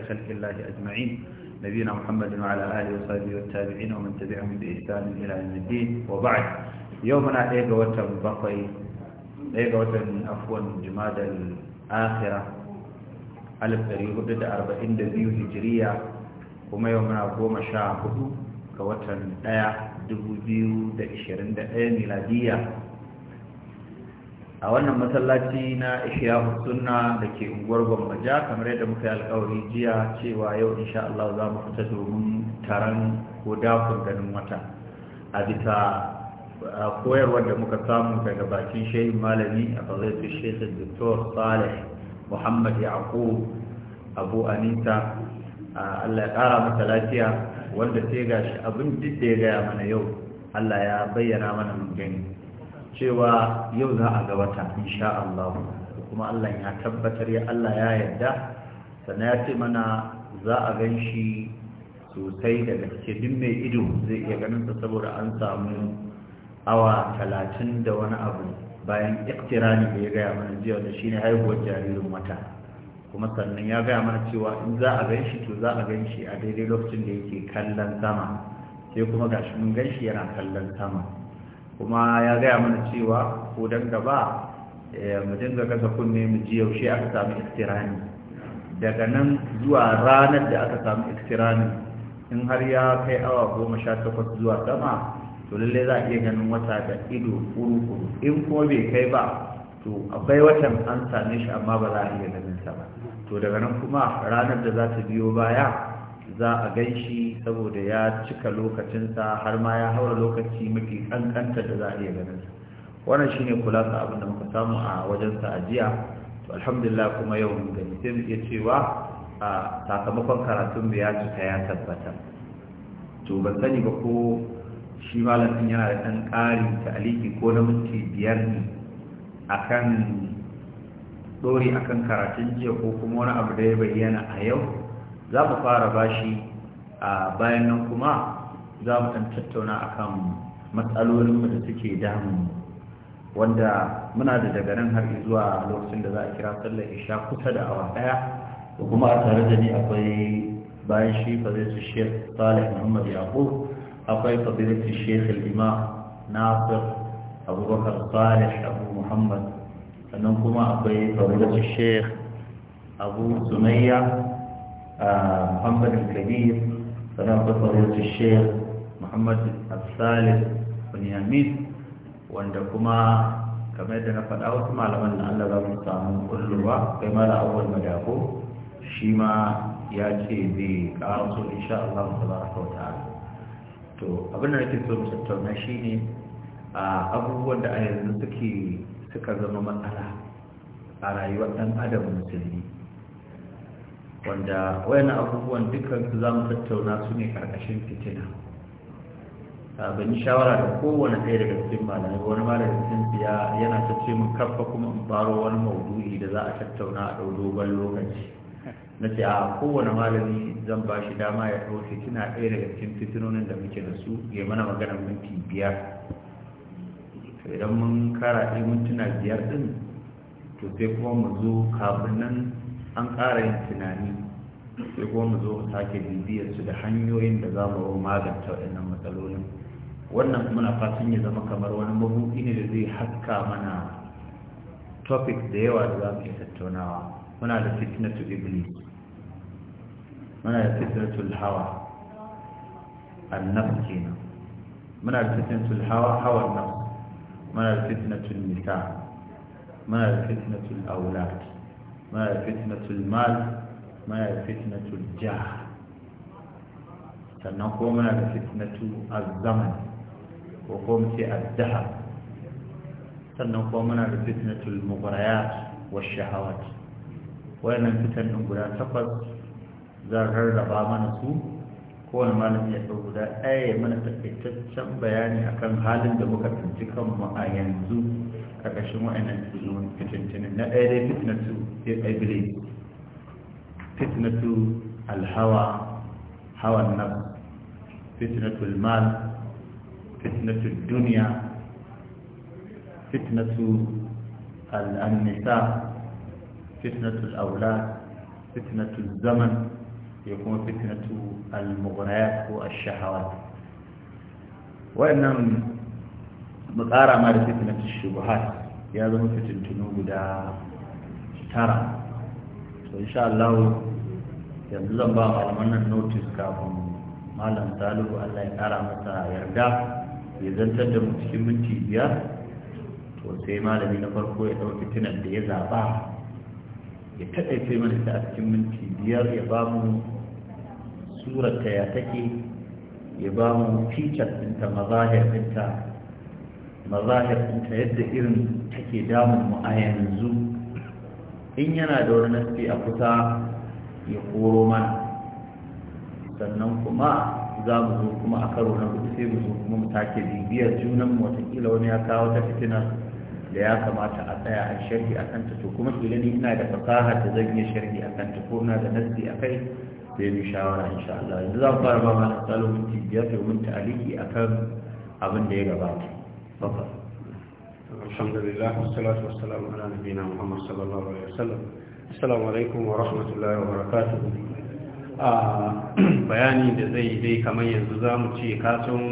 بخلق الله أجمعين نبينا محمد وعلى آله وصحبه والتابعين ومن تبعهم بإحسان إلى يوم الدين وبعد يومنا إيجا وتر بقي إيجا وتر عفوا جماد الآخرة ألف دريه ضد أربعين دبيو هجرية وما يومنا قوم شاهدوا كوتر آية دبو بيو دا إشيرين دا إيه ميلادية a wannan masallaci na ishiya sunna da ke unguwar gwamnaja kamar yadda muka yi alkawari jiya cewa yau insha Allah za mu fita domin taron ko dakon ganin wata a bisa koyarwar da muka samu daga bakin shehin malami a fazaitu shehu dr sa'leh muhammad yaqub abu anita Allah ya kara masa lafiya wanda sai gashi abin duk da ya gaya mana yau Allah ya bayyana mana mun gani cewa yau za a ga wata insha Allah kuma Allah ya tabbatar ya Allah ya yarda sannan ya ce mana za a gan shi sosai da gaske duk mai ido zai iya ganin sa saboda an samu awa talatin da wani abu bayan iktirani da ya gaya mana jiya da shine haihuwar jaririn wata kuma sannan ya gaya mana cewa in za a gan shi to za a gan shi a daidai lokacin da yake kallon sama sai kuma gashi mun gan shi yana kallon sama kuma ya gaya mana cewa ko dan gaba eh, mu dinga kasa kunne mu ji yaushe aka samu iktirani daga nan zuwa ranar da aka samu iktirani in har ya kai awa goma sha takwas zuwa sama to lallai za a iya ganin wata da ido kuru-kuru in kuma bai kai ba to akwai watan an same shi amma ba za a iya ganin sa ba to daga nan kuma ranar da za ta biyo baya za a gan shi saboda ya cika lokacinsa har ma ya haura lokaci mafi kankanta da za a iya ganin wannan shi shine kula abin da muka samu a wajensa sa ajiya to alhamdulillah kuma yau mun gani sai mu iya cewa a sakamakon karatun mu ya cika ya tabbata to ban sani ba ko shi malamin yana da ɗan ƙari ta aliki ko na minti biyar ne akan dori akan karatun jiya ko kuma wani abu da ya bayyana a yau za mu fara bashi a bayan nan kuma za mu ɗan tattauna a kan matsalolinmu da suke damu wanda muna da daga nan har zuwa lokacin da za a kira sallar isha kusa da awa ɗaya da kuma a tare da ni akwai bayan shi fadilatu shekh salih muhammad yaqub akwai fadilatu shekh al-imam nasir abubakar salih abu muhammad sannan kuma akwai fadilatu shekh abu sumayya محمد الكبير sannan fadwarwar sheikh muhammad al-salih bunyamin wanda kuma game da na faɗa wasu malaman da allah za mu samu ƙulluwa kai mala awwal madako shi ma ya ce zai ƙaraso insha allah mu tabaraka wa ta'ala to abin da nake so tattauna shine a abubuwan da a yanzu suke suka zama matsala a rayuwar ɗan adam musulmi wanda wayannan abubuwan dukkan su zamu tattauna su ne karkashin fitina ban yi shawara da kowane ɗaya daga cikin malamai wani malami cikin biya yana ta ce mun kafa kuma in faro wani maudu'i da za a tattauna a ɗau dogon lokaci na ce a kowane malami zan ba shi dama ya ɗau fitina ɗaya daga cikin fitinonin da muke da su ya mana magana minti biyar idan mun kara ɗaya mintuna biyar ɗin to sai kuma mu zo kafin nan an ƙara yin tunani sai kuma mu zo mu sake bibiyar su da hanyoyin da za mu magance waɗannan matsalolin wannan muna fatan ya zama kamar wani mabuki ne da zai haska mana topic da yawa da za mu iya tattaunawa muna da fitnatu iblis muna da fitnatu hawa annaf kenan muna da fitnatu hawa hawa nafs muna da fitnatu nisa muna da fitnatu aulad ما هي فتنة المال ما هي فتنة الجاه sannan kuma muna da fitnatu azzaman ko kuma ce addahar sannan kuma muna da fitnatul mughrayat wa shahawat wayannan guda takwas zan rarraba mana su kowane malami ya ɗau guda ɗaya mana takaitaccen bayani akan halin da muka tunci kanmu a yanzu ƙarƙashin wa'annan fitilun fitintunin na ɗaya dai fitnatu iblis fitnatu alhawa hawan nan fitnatu almal fitnatu duniya fitnatu al-nisa fitnatu al-aulad fitnatu zaman ya kuma fitnatu al-mughriyat ko ash-shahawat wa'annan mu tsara ma da ta shubuhat ya zama fitintunu guda tara to insha Allah yanzu zan ba malaman nan notice kafin malam talibu Allah ya kara masa yarda ya zantar da mu cikin minti biyar to sai malami na farko ya dauki tunan da ya zaɓa ya taɗaice mana ta a cikin minti biyar ya ba mu surar ta ya take ya ba mu ficar ɗinta mazahir ɗinta mazahir ta yadda irin take damun mu a yanzu in yana da wani nasi a kusa ya koro mana sannan kuma za mu zo kuma a karo na hudu sai mu zo kuma mu take bibiyar junan mu watakila wani ya kawo ta fitina da ya kamata a tsaya a sharhi a kanta to kuma kila ni ina da fasaha da zan iya sharhi a kanta ko ina da nasi a kai sai mu shawara insha Allah yanzu za mu fara ba ma da tsalo minti biyar domin aliki akan abin da ya gabata فقط الحمد لله والصلاة والسلام على نبينا محمد صلى الله عليه وسلم السلام عليكم ورحمة الله وبركاته bayani da zai dai kamar yanzu za mu ce kasan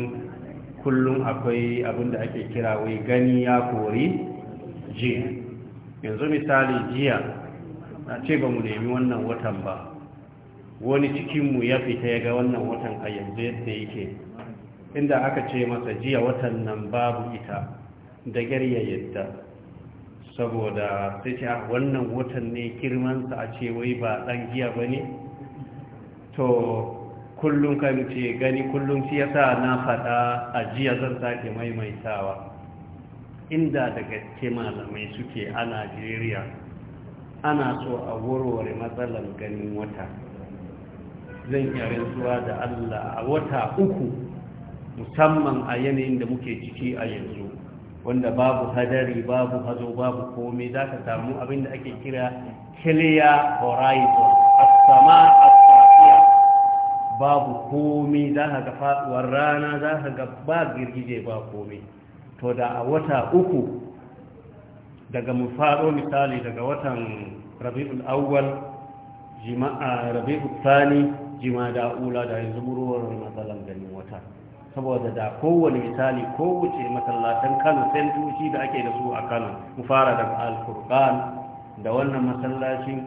kullum akwai abin da ake kira wai gani ya kori ji yanzu misali jiya na ce ba mu nemi wannan watan ba wani cikinmu ya fita ya ga wannan watan a yanzu yadda yake inda aka ce masa jiya watan nan babu ita da gariya yadda saboda sai ce ah, wannan watan ne girmansa a ce wai ba ɗan giya ba ne to kullum kan ce gani kullum shi yasa na faɗa a jiya zan sake maimaitawa inda da gaske malamai suke a najeriya ana so a warware matsalar ganin wata zan iya rantsuwa da allah a wata uku musamman a yanayin da muke ciki a yanzu wanda babu hadari babu hazo babu komai za ka samu abin da ake kira clear horizon asama asafiya babu komai za ka ga faduwar rana za ka ga ba girgije ba komai to da a wata uku daga mu faro misali daga watan rabi'ul auwal jima'a rabi'ul thani jima'a da ula da yanzu buruwar matsalan gani saboda da kowane misali ko wuce masallatan kano sai da ake da su a kano mu fara daga alfurkan da wannan masallacin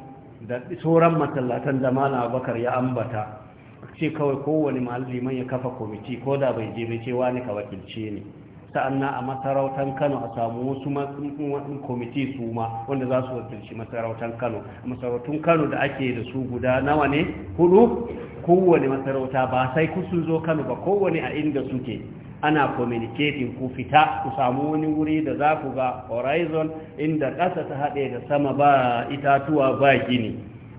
da sauran masallatan da mana abakar ya ambata ce kawai kowane liman ya kafa kwamiti ko da bai je mai ce wani ka wakilce ne sa'annan a masarautar kano a samu wasu kwamiti su ma wanda za su wakilci masarautar kano masarautun kano da ake da su guda nawa ne hudu kowane masarauta ba sai ku sun zo kano ba kowane a inda suke ana communicating ku fita ku samu wani wuri da za ku ga horizon inda ƙasa ta haɗe da sama ba itatuwa ba gini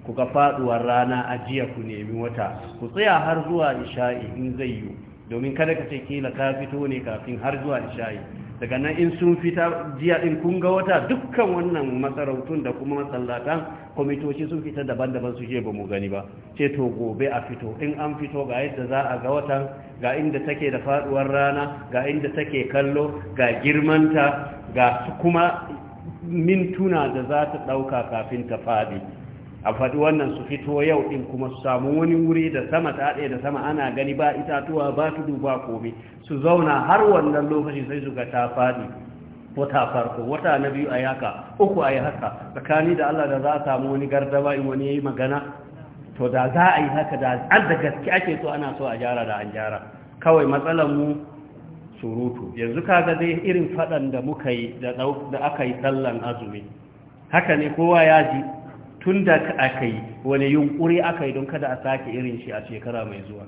ku ga faɗuwar rana a jiya ku nemi wata ku tsaya har zuwa isha'i in zai yiwu domin kada ka ce kila ka fito ne kafin har zuwa isha'i daga nan in sun fita jiya in kun ga wata dukkan wannan masarautun da kuma masallatan kwamitoci sun fita daban-daban su je ba mu gani ba ce to gobe a fito in an fito ga yadda za a ga wata, ga inda take da faduwar rana ga inda take kallo ga girmanta ga kuma mintuna da za ta ɗauka kafin ta faɗi a faɗi wannan su fito yau ɗin kuma su samu wani wuri da sama ta ɗaya da sama ana gani ba itatuwa ba tudu ba komai su zauna har wannan lokacin sai su ga ta faɗi wata farko wata na biyu a yaka uku a yi haka tsakani da Allah da za a samu wani gardaba in wani ya yi magana to da za a yi haka da an da gaske ake so ana so a gyara da an gyara kawai matsalar mu surutu yanzu kaga dai irin faɗan da muka yi da aka yi sallan azumi haka ne kowa ya ji tun da aka yi wani yunkuri aka yi don kada a sake irin shi a shekara mai zuwa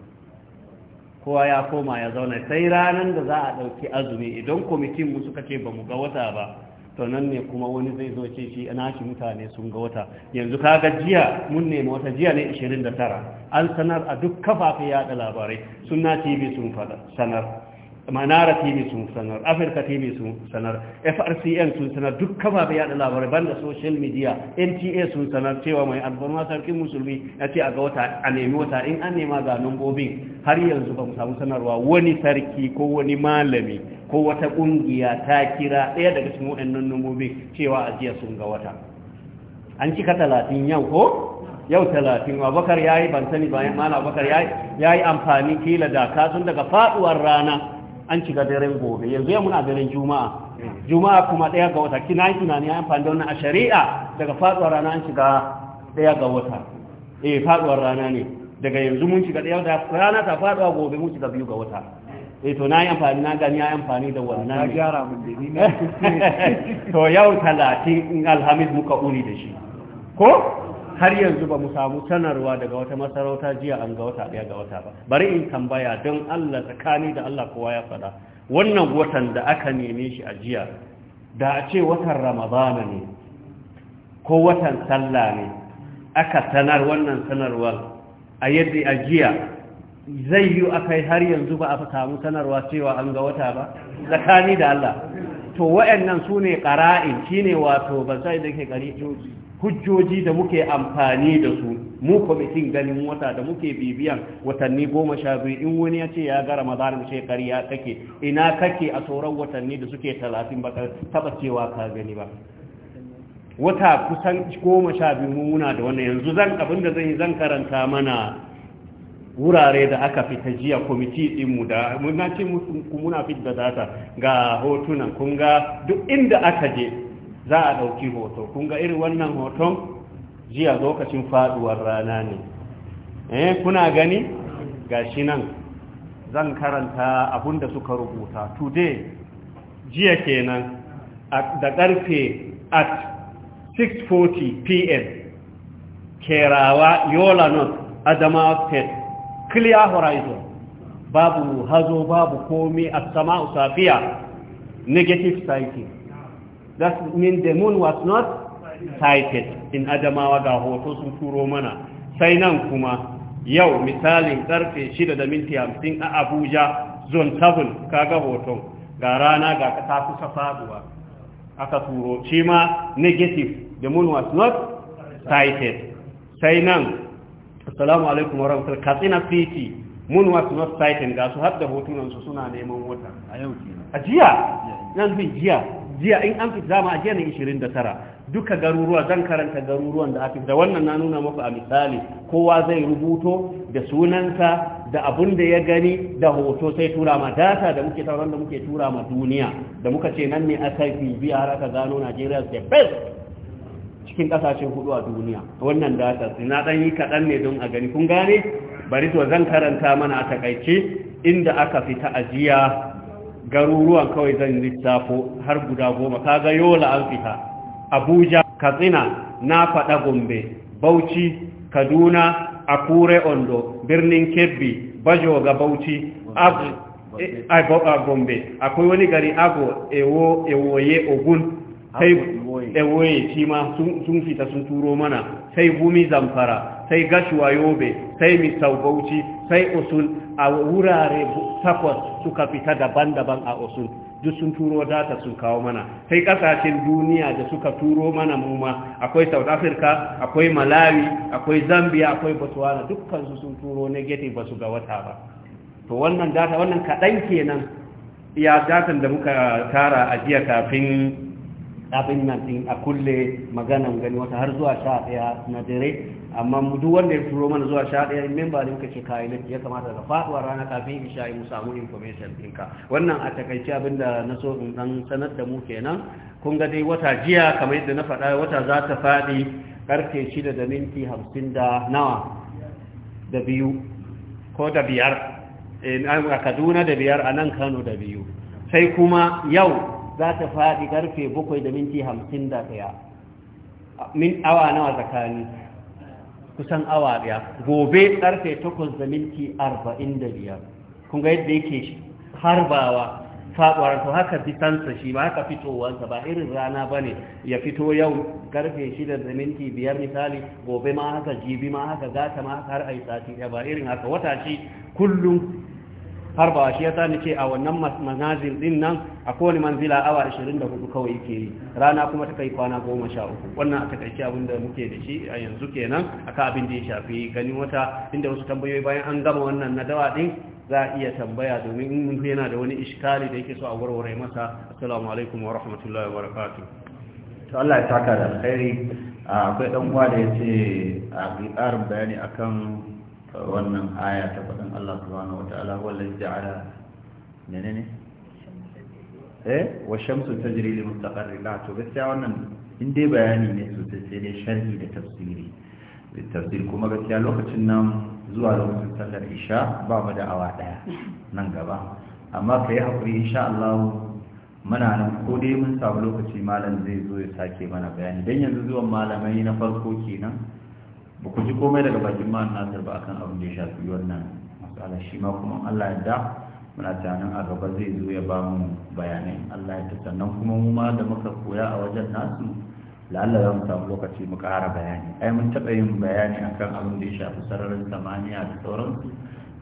kowa ya koma ya zauna sai ranar da za a ɗauki azumi idan kwamitin mu suka ce ba mu ga wata ba to nan ne kuma wani zai zo ce shi na shi mutane sun ga wata yanzu ka ga jiya mun nema wata jiya ne 29 an sanar a duk kafafen yada labarai suna tv sun sanar manara tv sun sanar afirka tv sun sanar frcn sun sanar duk bai yada labarai banda social media nta sun sanar cewa mai alfarma sarkin musulmi ya ce a ga wata a nemi wata in an nema ga numbobin har yanzu ba mu samu sanarwa wani sarki ko wani malami ko wata kungiya ta kira ɗaya daga cikin waɗannan numbobin cewa a jiya sun ga wata an cika talatin yau ko yau talatin abubakar ya yi ban sani bayan mana abubakar ya yi amfani kila da kasun daga faɗuwar rana an shiga daren gobe yanzu ya muna daren juma'a juma'a kuma ɗaya ga wata kina yi tunani an fanda wannan a shari'a daga faɗuwar rana an shiga ɗaya ga wata eh faɗuwar rana ne daga yanzu mun shiga ɗaya da rana ta faɗuwa gobe mun shiga biyu ga wata eh to na yi amfani na gani ya amfani da wannan ne gyara mun da ni to yau talatin in alhamis muka uri da shi ko har yanzu ba mu samu sanarwa daga wata masarauta jiya an ga wata ɗaya ga wata ba bari in tambaya don Allah tsakani da Allah kowa ya faɗa wannan watan da aka neme shi a jiya da a ce watan ramadana ne ko watan sallah ne aka sanar wannan sanarwar a yadda a jiya zai yi kai har yanzu ba a samu sanarwa cewa an ga wata ba tsakani da Allah to wa'annan su ne ƙara'in shi ne wato ba sai da ke ƙari hujjoji da muke amfani da su mu kwamitin ganin wata da muke bibiyan watanni goma sha biyu in wani ya ce ya ga ramadan shekari ya kake ina kake a sauran watanni da suke talatin ba taba cewa ka gani ba wata kusan goma sha biyu muna da wannan yanzu zan abin da zan yi zan karanta mana wurare da aka fita jiya kwamiti ɗinmu da muna ce muna fit da data ga hotunan kun ga duk inda aka je za a ɗauki hoto kun ga irin wannan hoton jiya lokacin faduwar rana ne eh kuna gani gashi nan zan karanta abun da suka rubuta today jiya kenan da ƙarfe at 6:40 pm kerawa yola north adamawa state clear horizon babu hazo babu komi a sama'u safiya negative psychic that means the moon was not sighted in adamawa ga hoto sun turo mana sai nan kuma yau misalin karfe 6 da minti 50 a abuja zone 7 kaga hoton ga rana ga ta kusa faduwa aka turo shi ma negative the moon was not sighted sai nan assalamu alaikum wa rahmatullahi katsina city moon was not sighted ga su har da hotunan su suna neman wata a yau a jiya nan bin jiya jiya in an fita zama a jiya ne 29 duka garuruwa zan karanta garuruwan da aka da wannan na nuna muku a misali kowa zai rubuto da sunansa da abun da ya gani da hoto sai tura ma data da muke tauran da muke tura ma duniya da muka ce nan ne aka fi biya har aka gano Najeriya the best cikin kasashen hudu a duniya wannan data na dan yi kadan ne don a gani kun gane bari to zan karanta mana a takaice inda aka fita ajiya garuruwan kawai zan lissafo har guda goma Ka ga yola an abuja katsina na faɗa gombe bauchi kaduna akure ondo birnin kebbi bajo ga bauchi a eh, ah, gombe akwai wani gari ago ewo ewoye ogun sai ewoye cima sun fita sun turo mana sai gumi zamfara sai gashuwa yobe sai misau bauchi sai usul a wurare takwas suka fita daban-daban a osun duk sun turo data sun kawo mana sai kasashen duniya da suka turo mana muma akwai south africa akwai malawi akwai zambia akwai botswana dukkansu sun turo negative ba su ga wata ba to wannan data wannan kaɗan kenan ya datan da muka tara a jiya kafin abin nan din a kulle maganan gani wata har zuwa sha ɗaya na dare amma mu duk wanda ya turo mana zuwa sha ɗaya memba ne muka ce kayi ya kamata ka faɗuwa rana kafin in isha mu samu information ɗinka wannan a takaice abin da na so in ɗan sanar da mu kenan kun ga dai wata jiya kamar yadda na faɗa wata za ta faɗi ƙarfe shida da minti hamsin da nawa da biyu ko da biyar eh, a kaduna da biyar a nan kano da biyu sai kuma yau za ta faɗi ƙarfe bakwai da minti hamsin da ɗaya awa nawa tsakani kusan awa daya gobe ƙarfe, 8 da minti 45 kunga yadda yake harbawa faɗuwar to haka fitansa shi ba haka fitowarsa ba irin rana ba ne ya fito yau ƙarfe, 6 da minti 5 misali gobe ma haka jibi ma haka gata ma haka har a yi sati ba irin haka wata shi kullum harbawa shi yasa ce a wannan manazil din nan a kowane manzila awa 24 kawai yake yi rana kuma ta kai kwana 13 wannan a takaice abin da muke da shi a yanzu kenan ka abin da ya shafi ganin wata inda wasu tambayoyi bayan an gama wannan na dawa din za a iya tambaya domin in mun yana da wani iskali da yake so a warware masa assalamu alaikum wa rahmatullahi wa barakatuh to Allah ya saka da alkhairi akwai dan uwa da yace a bayani akan wannan aya ta faɗin Allah subhanahu wata'ala wallahi ja'ala ne eh wa shamsu tajri li mustaqarri la ah, to gaskiya wannan in dai bayani ne to sai ne sharhi da tafsiri tafsir kuma gaskiya lokacin nan zuwa lokacin sallar isha ba mu da awa daya nan gaba amma kai hakuri insha Allah muna nan ko dai mun samu lokaci malam zai zo ya sake mana bayani dan yanzu zuwan malamai na farko kenan ba ku ji komai daga bakin ma'an nasir ba akan abin da ya shafi wannan matsala shi ma kuma Allah ya da muna tunanin a gaba zai zo ya ba mu bayanai Allah ya sannan kuma mu ma da muka koya a wajen nasu lallai za mu samu lokaci mu ƙara bayani ai mun taɓa yin bayani akan abin da ya shafi sararin samaniya da sauransu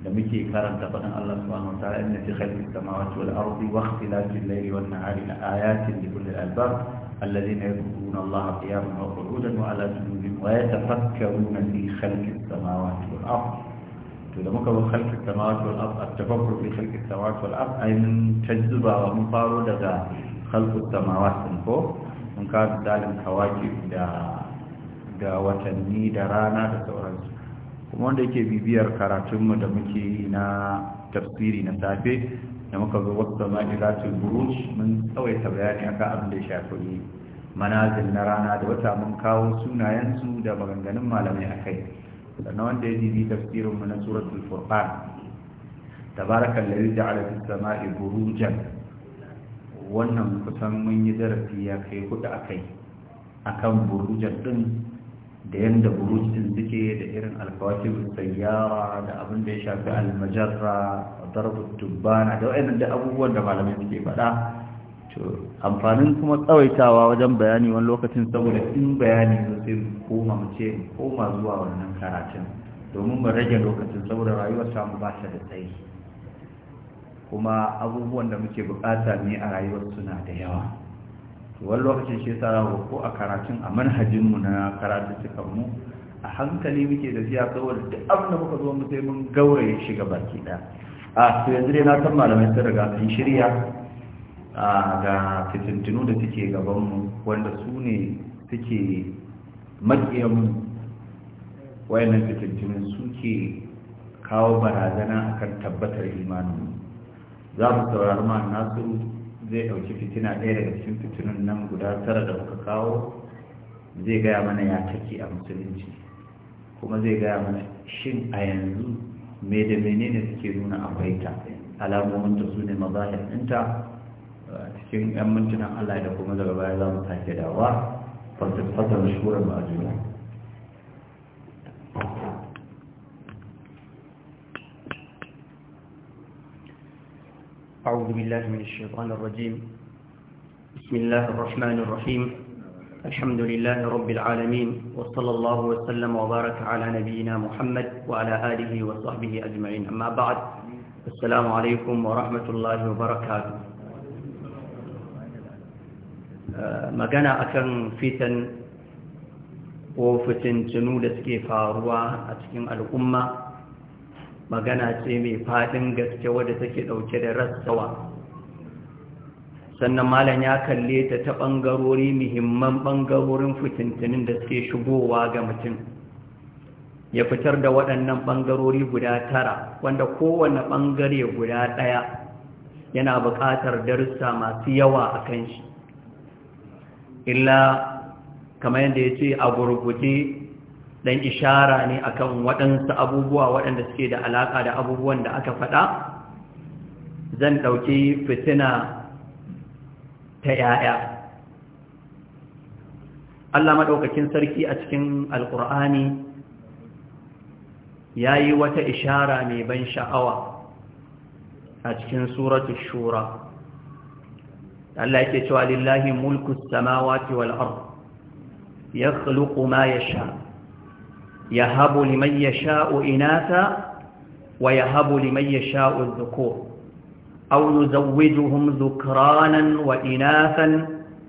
da muke karanta faɗin Allah subhanahu wa ta'ala inna fi khalqis samawati wal ardi wa ikhtilafil layli wan nahari la ayatin li kulli albab الذين يذكرون الله قياما وقعودا وعلى جنوبهم ويتفكرون في خلق السماوات والارض والأرض كان خلق السماوات والارض التفكر في خلق السماوات والارض اي من تجذبة ومفارو لدى خلق السماوات والأرض من كان ذلك كواكب دا دا وتني درانا da sauransu kuma wanda yake bibiyar karatunmu da muke yi na da muka zo wasu ma'iratul buruj mun tsawaita bayani akan abin da ya shafi manazil na rana da wata mun kawo sunayensu da maganganun malamai a kai sannan wanda ya nemi tafsirin mu na suratul furqan tabarakan lalli da fis sama'i burujan wannan kusan mun yi zarafi ya kai hudu kai. akan burujan din da yadda buruj din suke da irin alkawatib sayyara da abin da ya shafi almajarra darbu tubana da wayannan da abubuwan da malamai suke faɗa to amfanin kuma tsawaitawa wajen bayani wani lokacin saboda in bayani ne sai koma mu ce koma zuwa wannan karatun domin mu rage lokacin saboda rayuwar samu ba ta da tsayi kuma abubuwan da muke bukata ne a rayuwar suna da yawa wani lokacin shi sa ko a karatun a manhajinmu na mu a hankali muke da siya kawar da abinda muka zo mu sai mun gauraye shi ga baki ɗaya a to yanzu dai na san malamai sun riga sun shirya ga fitintinu da suke gabanmu wanda su ne suke maƙiyanmu wayannan fitintinu suke kawo barazana akan tabbatar imanin za mu saurari ma nasiru zai ɗauki fitina ɗaya daga cikin fitinun nan guda tara da muka kawo zai gaya mana ya take a musulunci kuma zai gaya mana shin a yanzu me da menene suke nuna a ta alamomin da su ne mazahir ɗinta cikin 'yan mintunan allah da kuma daga baya za mu take dawa fasir fasar a أعوذ بالله من الشيطان الرجيم بسم الله الرحمن الرحيم الحمد لله رب العالمين وصلى الله وسلم وبارك على نبينا محمد وعلى آله وصحبه أجمعين أما بعد السلام عليكم ورحمة الله وبركاته آه، ما كان أكن فتن وفتن tunu da suke faruwa الأمة magana ce mai faɗin gaske wadda take ɗauke da rassawa sannan malam ya kalle ta ta ɓangarori muhimman bangarorin fitintunin da suke shigowa ga mutum ya fitar da waɗannan ɓangarori guda tara wanda kowane ɓangare guda ɗaya yana buƙatar darussa masu yawa a kan shi illa kamar yadda ya ce a gurguje dan ishara ne akan waɗansu abubuwa waɗanda suke da alaƙa da abubuwan da aka faɗa zan ɗauki fitina ta ‘ya'ya Allah maɗaukakin sarki a cikin alƙur'ani ya yi wata ishara mai ban sha'awa a cikin suratun shura Allah yake cewa lillahi mulkus samawati wal'ar ya ma ya sha يهب لمن يشاء إناثا ويهب لمن يشاء الذكور أو يزوجهم ذكرانا وإناثا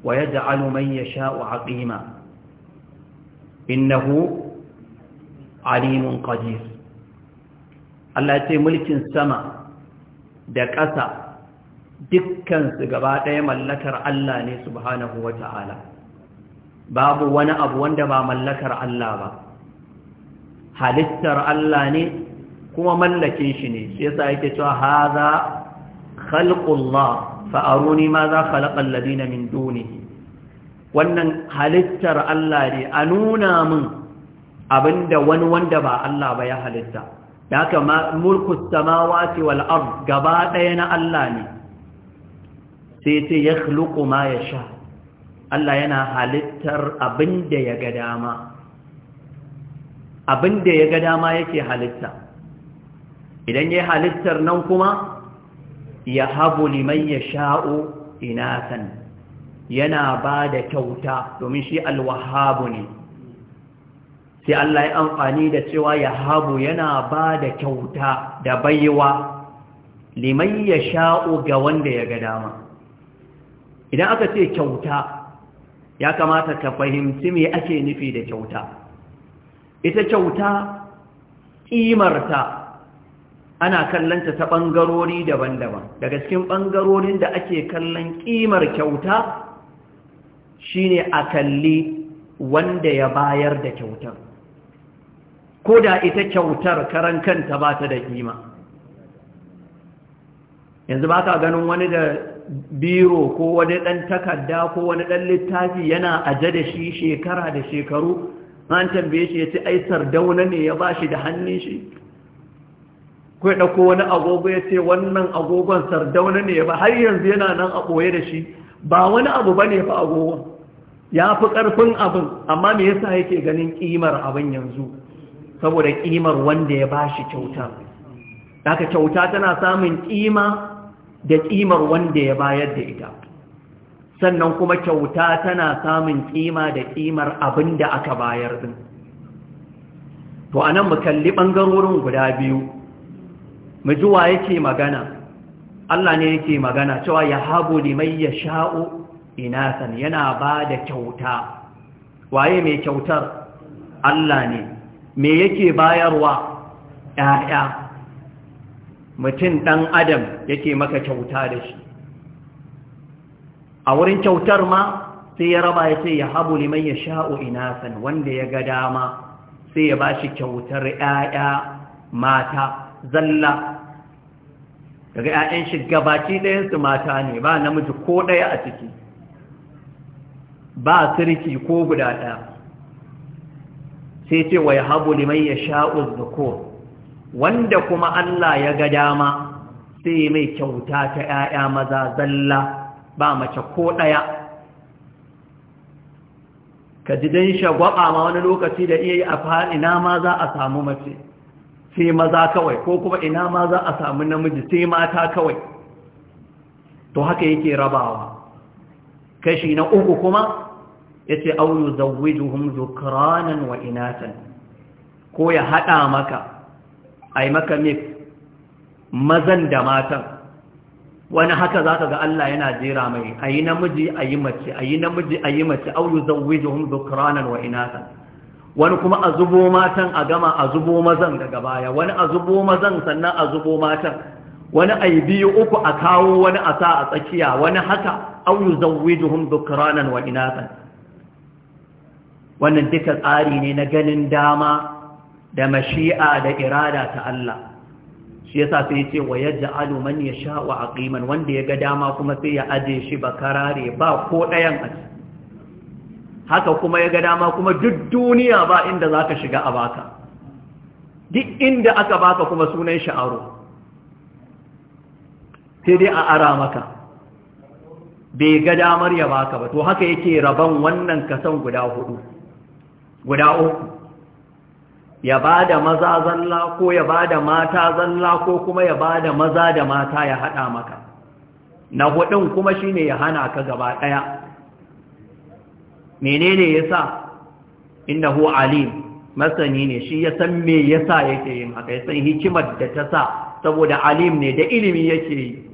ويجعل من يشاء عقيما إنه عليم قدير الله يتي ملك السماء دكسا dukkan su gaba ɗaya mallakar Allah ne subhanahu wa ta'ala babu wani abu wanda ba mallakar Allah ba halittar Allah ne kuma mallake shi ne sai yasa yake cewa haza, khalqullah fa aruni ma za khalaqa alladina min dunihi wannan halittar Allah ne a nuna min abinda wani wanda ba Allah ba ya halitta da haka mulkus samawati wal ard gaba ɗaya na Allah ne sai ce ya khluqu ma yasha Allah yana halittar abinda ya ga dama abin da ya ga dama yake halitta idan ya halittar nan kuma ya habu liman ya sha'o inatan yana ba da kyauta domin shi alwahabu ne sai Allah ya amfani da cewa ya habu yana ba da kyauta da baiwa liman ya sha'o ga wanda ya ga dama idan aka ce kyauta ya kamata ka fahimci me ake nufi da kyauta ita kyauta ƙimarta ana kallanta ta ɓangarori daban-daban daga cikin ɓangarorin da ake kallon ƙimar kyauta shine a kalli wanda ya bayar da kyautar ko da ita kyautar karan kanta ba ta da ƙima yanzu ba ka ganin wani da biro ko wani ɗan takarda ko wani ɗan littafi yana aje da shi shekara da shekaru an tambaye shi ya ce ai sardauna ne ya ba shi da hannun shi ko da ɗauko wani agogo ya ce wannan agogon sardauna ne ba har yanzu yana nan a ɓoye da shi ba wani abu ba ne fa agogon ya fi ƙarfin abin amma me yasa yake ganin ƙimar abin yanzu saboda ƙimar wanda ya ba shi kyauta daga kyauta tana samun ƙima da ƙimar wanda ya bayar da ita sannan kuma kyauta tana samun kima da kimar abin da aka bayar din to anan mu kalli bangarorin guda biyu mu ji wa yake magana Allah ne yake magana cewa ya habu liman ya sha'u inasan yana ba da kyauta waye mai kyautar Allah ne me yake bayarwa ‘ya'ya mutum ɗan adam yake maka kyauta da shi a wurin kyautar ma sai ya raba ya ce ya habu liman ya sha'o inasan wanda ya ga dama sai ya ba shi kyautar ‘ya'ya mata zalla daga ‘ya'yan shi gabaki ɗayansu mata ne ba namiji ko ɗaya a ciki ba sirki ko guda ɗaya sai ce wa ya habu liman ya sha'o wanda kuma Allah ya ga dama sai mai kyauta ta ‘ya'ya maza zalla ba mace ko ɗaya ka ji don shagwaba ma wani lokaci da iya yi a fahar ina ma za a samu mace sai maza kawai ko kuma ina ma za a samu namiji sai mata kawai to haka yake rabawa kashi na uku kuma ya ce auyu zawwijuhum zukranan wa inatan ko ya haɗa maka ai maka mix mazan da matan wani haka za ka ga Allah yana jera mai a yi namiji a yi mace a yi namiji a yi mace au yi zauwe jihun zukuranan wa inatan wani kuma a zubo matan a gama a zubo mazan daga baya wani a zubo mazan sannan a zubo matan wani a yi biyu uku a kawo wani a sa a tsakiya wani haka au yi zauwe jihun zukuranan wa inatan wannan duka tsari ne na ganin dama da mashi'a da irada ta Allah shi yasa sai ya ce wa ya man wa aqiman wanda ya ga dama kuma sai ya aje shi ba karare ba ko ɗayan a haka kuma ya ga dama kuma duk duniya ba inda ka shiga a baka duk inda aka baka kuma sunan shi aro sai dai a ara maka bai ga damar ya baka ba to haka yake rabon wannan kasan guda hudu guda uku ya ba da maza zalla ko ya ba da mata zalla ko kuma ya ba da maza da mata ya haɗa maka na hudun kuma shine ya hana ka gaba ɗaya menene ya sa inda hu alim masani ne shi ya san me ya sa yake yin haka ya san hikimar da ta sa saboda alim ne da ilimi yake yi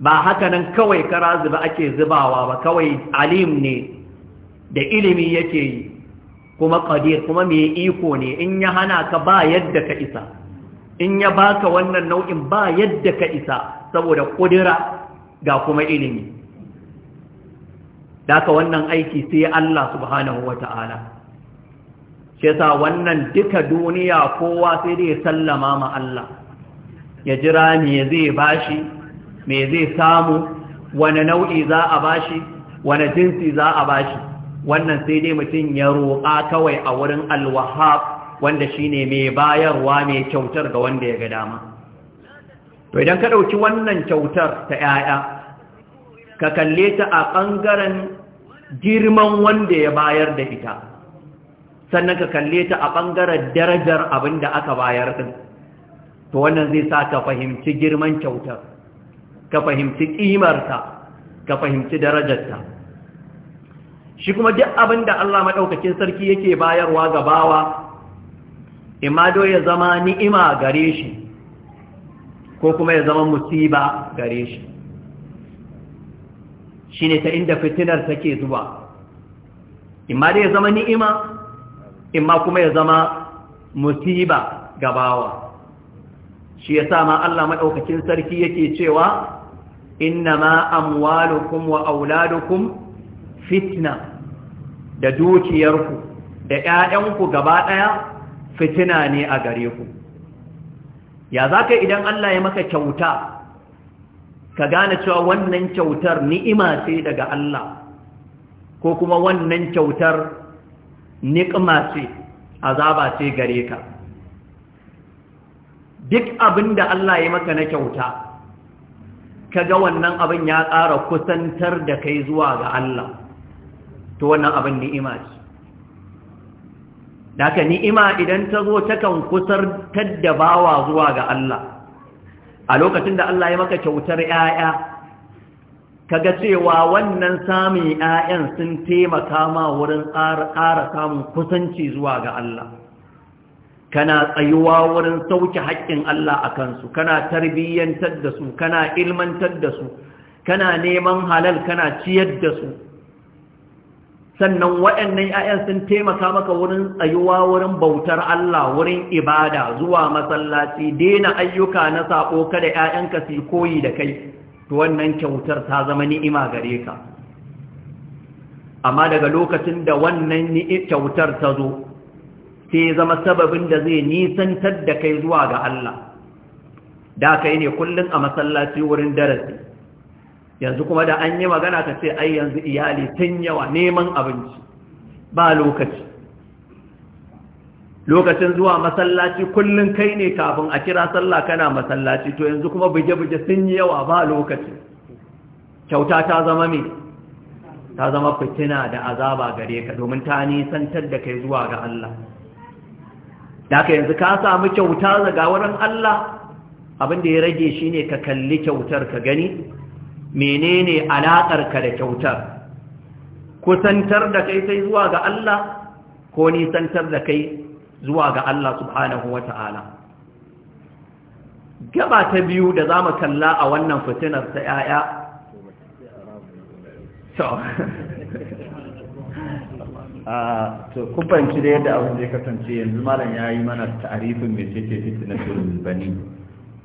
ba haka nan kawai kara zuba ake zubawa ba kawai alim ne da ilimi yake yi kuma qadir kuma mai iko ne in ya hana ka ba yadda ka isa in ya baka wannan nau'in ba yadda ka isa saboda ƙudira ga kuma ilimi daka wannan aiki sai Allah subhanahu wata'ala shi sa wannan duka duniya kowa sai dai sallama ma Allah ya jira me zai bashi me zai samu wane nau'i za a bashi wane jinsi za a bashi wannan sai dai mutum ya roƙa kawai a wurin alwahab wanda shine mai bayarwa mai kyautar ga wanda ya ga dama to idan ka ɗauki wannan kyautar ta 'ya'ya ka kalle ta a ɓangaren girman wanda ya bayar da ita sannan ka kalle ta a ɓangaren darajar abin da aka bayar ɗin to wannan zai sa ka fahimci girman kyautar ka fahimci ƙimarta ka fahimci darajarta shi kuma duk abin da Allah maɗaukakin sarki yake bayarwa ga bawa imado ya zama ni'ima gare shi ko kuma ya zama musiba gare shi shi ne ta inda fitinar take zuwa imado ya zama ni'ima imma kuma ya zama musiba ga bawa shi ya sa ma Allah maɗaukakin sarki yake cewa inna ma amwalukum wa auladukum fitna da dukiyarku da ‘ya'yanku gaba ɗaya fitina ne a gare ku ya zaka idan Allah ya maka kyauta ka gane cewa wannan kyautar ni'ima ce daga Allah ko kuma wannan kyautar niƙima ce azaba ce gare ka duk abin da Allah ya maka na kyauta kaga wannan abin ya ƙara kusantar da kai zuwa ga Allah to wannan abin ni'ima ce daga ni'ima idan ta zo takan kusar taddabawa zuwa ga Allah a lokacin da Allah ya maka kyautar 'ya'ya kaga cewa wannan samun 'ya'yan sun taimaka ma wurin ƙara samun kusanci zuwa ga Allah kana tsayuwa wurin sauke haƙƙin Allah a kansu kana tarbiyyantar da su kana ilmantar da su kana neman halal kana ciyar da su sannan waɗannan ‘ya'yan sun taimaka maka wurin tsayuwa wurin bautar Allah wurin ibada zuwa masallaci daina ayyuka na saƙo ka da ‘ya'yanka su koyi da kai to wannan kyautar ta zama ni'ima gare ka amma daga lokacin da wannan kyautar ta zo sai zama sababin da zai nisantar da kai zuwa ga Allah da kai ne kullum a masallaci wurin darasi yanzu kuma da an yi magana ka ce ai yanzu iyali tun yawa neman abinci ba lokaci lokacin zuwa masallaci kullum kai ne kafin a kira sallah kana masallaci to yanzu kuma buge-buge sun yi yawa ba lokaci kyauta ta zama me ta zama fitina da azaba gare ka domin ta nisantar da kai zuwa ga Allah da ka yanzu ka samu kyauta daga wurin Allah abin da ya rage shine ka kalli kyautar ka gani menene alaƙarka da kyautar kusantar da kai sai zuwa ga Allah ko nisantar da kai zuwa ga Allah subhanahu wa ta'ala gaba ta biyu da za mu kalla a wannan fitinar ta ‘ya'ya to ah, kubanci da yadda abin zai kasance yanzu malam ya yi mana ta'arifin mai ce ce fitinar bani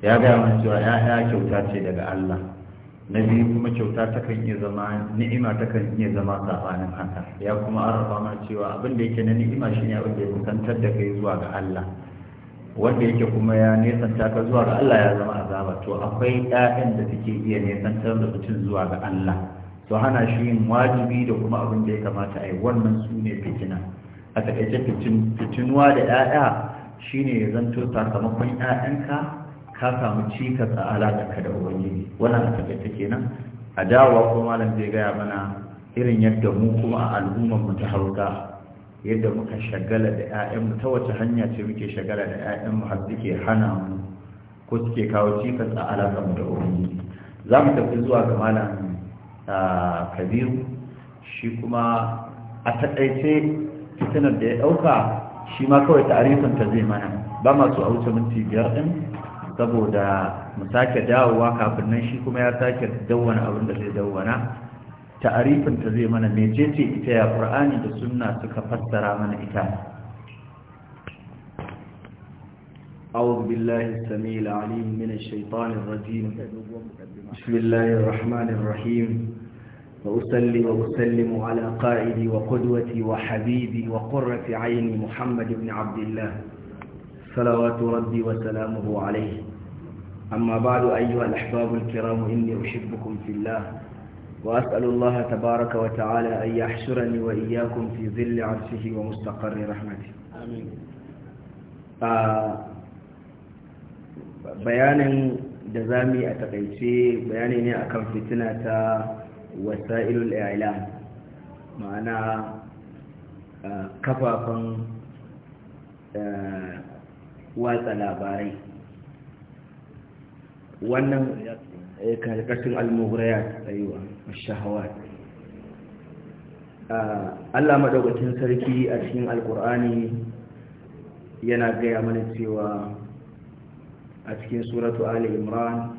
ya gaya mana cewa ya kyauta ce daga Allah na biyu kuma kyauta ta kan iya zama ni'ima ta kan iya zama sabanin haka ya kuma an cewa abin da yake na ni'ima shine abin da ya kusantar da kai zuwa ga Allah wanda yake kuma ya nesanta ka zuwa ga Allah ya zama azaba to akwai ɗayan da suke iya nesantar da mutum zuwa ga Allah to hana shi yin wajibi da kuma abin da ya kamata a yi wannan su ne fitina a takaice fitinuwa da 'ya'ya shine ya zanto sakamakon 'ya'yanka ka samu cikas a alaƙarka da ubangiji wannan a takaita kenan a dawowa ko malam zai gaya mana irin yadda mu kuma a al'ummar mu ta hauka yadda muka shagala da mu ta wace hanya ce muke shagala da mu har suke hana mu ko suke kawo cikas a alaƙa mu da ubangiji za mu tafi zuwa ga malam kabiru shi kuma a taƙaice fitinar da ya ɗauka shi ma kawai ta zai mana ba masu a wuce minti biyar ɗin saboda mu sake dawowa kafin nan shi kuma ya sake dawwana abin da zai dawana ta'arifin zai mana mejeje ita ya qur'ani da sunna suka fassara mana ita a'udhu billahi samil alim minash shaitanir rajim bismillahir rahmanir rahim wa usalli wa usallimu ala qa'idi wa ƙudwati wa habibi wa qurrati 'aini muhammad ibn abdillah صلوات ربي وسلامه عليه أما بعد أيها الأحباب الكرام إني أحبكم في الله وأسأل الله تبارك وتعالى أن يحشرني وإياكم في ظل عرشه ومستقر رحمته آمين آه، بيان جزامي da za أكم فتنة وسائل الإعلام معنا آه، ne آه، watsa labarai wannan eh, karkashin al-mughrayat aiwa ash-shahawat ah, Allah madaukakin sarki a cikin al-Qur'ani yana gaya mana cewa a cikin suratu Ali Imran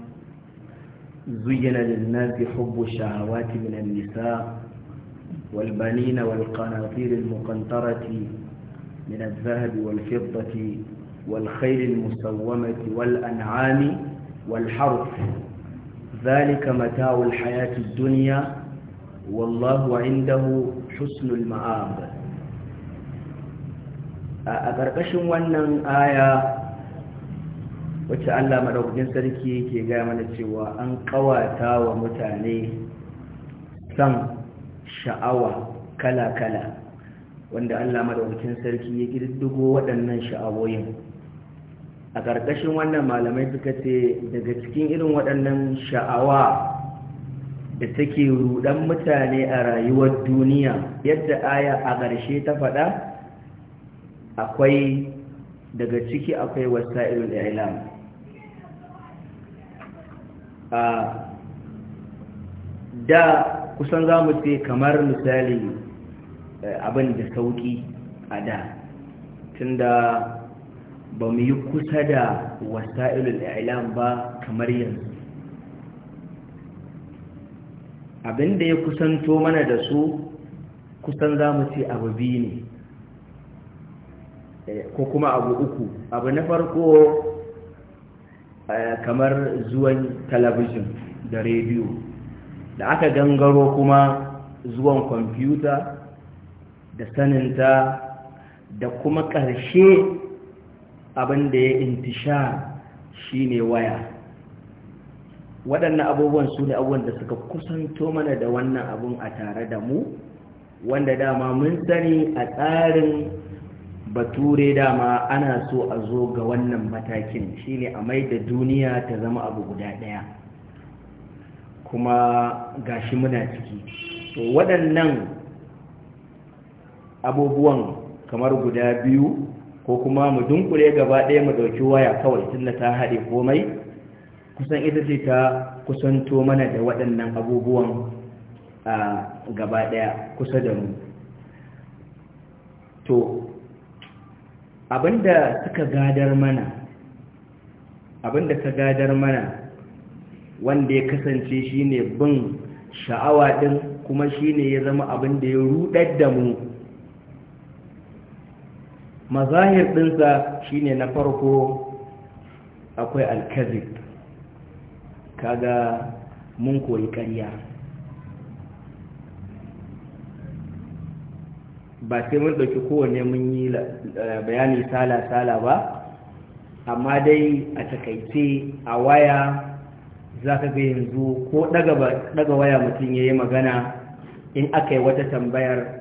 zuyyana lin-nasi hubbu shahawati min nisa walbanina banina wal qanatir al-muqantarati min adh والخيل المسومة والأنعام والحرف ذلك متاع الحياة الدنيا inda عنده حسن المآب a ƙarƙashin wannan aya wacce Allah maɗaukakin sarki ke gaya mana cewa an ƙawata wa mutane san sha'awa kala-kala wanda Allah maɗaukakin sarki ya ƙididdigo waɗannan sha'awoyin a ƙarƙashin wannan malamai suka ce daga cikin irin waɗannan sha'awa da take ruɗan mutane a rayuwar duniya yadda aya a ƙarshe ta faɗa akwai daga ciki akwai wasa'ilul ilam a da kusan za mu ce kamar misali eh, abin da sauƙi a da tunda ba mu yi kusa da wasa'ilul ilam ba kamar yanzu abinda ya kusanto mana da su kusan za mu ce abu biyu ne eh, ko kuma abu uku abu na farko eh, kamar zuwan talabijin da rediyo da aka gangaro kuma zuwan kwamfuta da saninta da kuma ƙarshe abin da ya intisha shi ne waya waɗannan abubuwan su ne abubuwan da suka kusanto mana da wannan abun a tare da mu wanda dama mun sani a tsarin bature dama ana so a zo ga wannan matakin shine a mai da duniya ta zama abu guda ɗaya kuma gashi muna ciki waɗannan abubuwan kamar guda biyu ko kuma mu dunkule gaba ɗaya mu ɗauki waya kawai tunda ta haɗe komai kusan ita ce ta kusanto mana da waɗannan abubuwan a gaba ɗaya kusa da mu to abinda suka gadar mana abinda ka gadar mana wanda ya kasance shine bin sha'awa din kuma shine ya zama abinda ya rudar da mu mazahir ɗinsa shine na farko akwai alkazib kaga mun koyi ƙarya ba sai mun ɗauki kowane mun yi eh, bayani sala-sala ba amma dai a takaice a waya za ka ga yanzu ko daga waya mutum ya yi magana in aka yi wata tambayar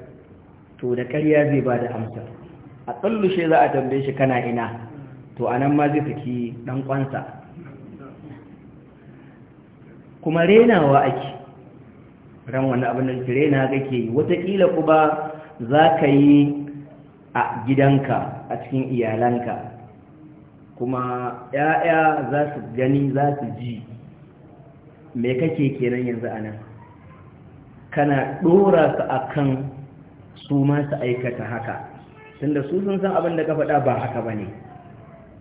to da karya zai ba da amsar a tsallushe za a tambaye shi kana ina to a nan ma zai saki ɗan ƙwansa kuma renawa ake ran wani abin da rena kake yi watakila kuma za ka yi a gidanka a cikin iyalanka kuma ‘ya'ya za su gani za su ji me kake kenan yanzu a nan kana ɗora su a kan su masu aikata haka tunda su sun san abin da ka faɗa ba haka ba ne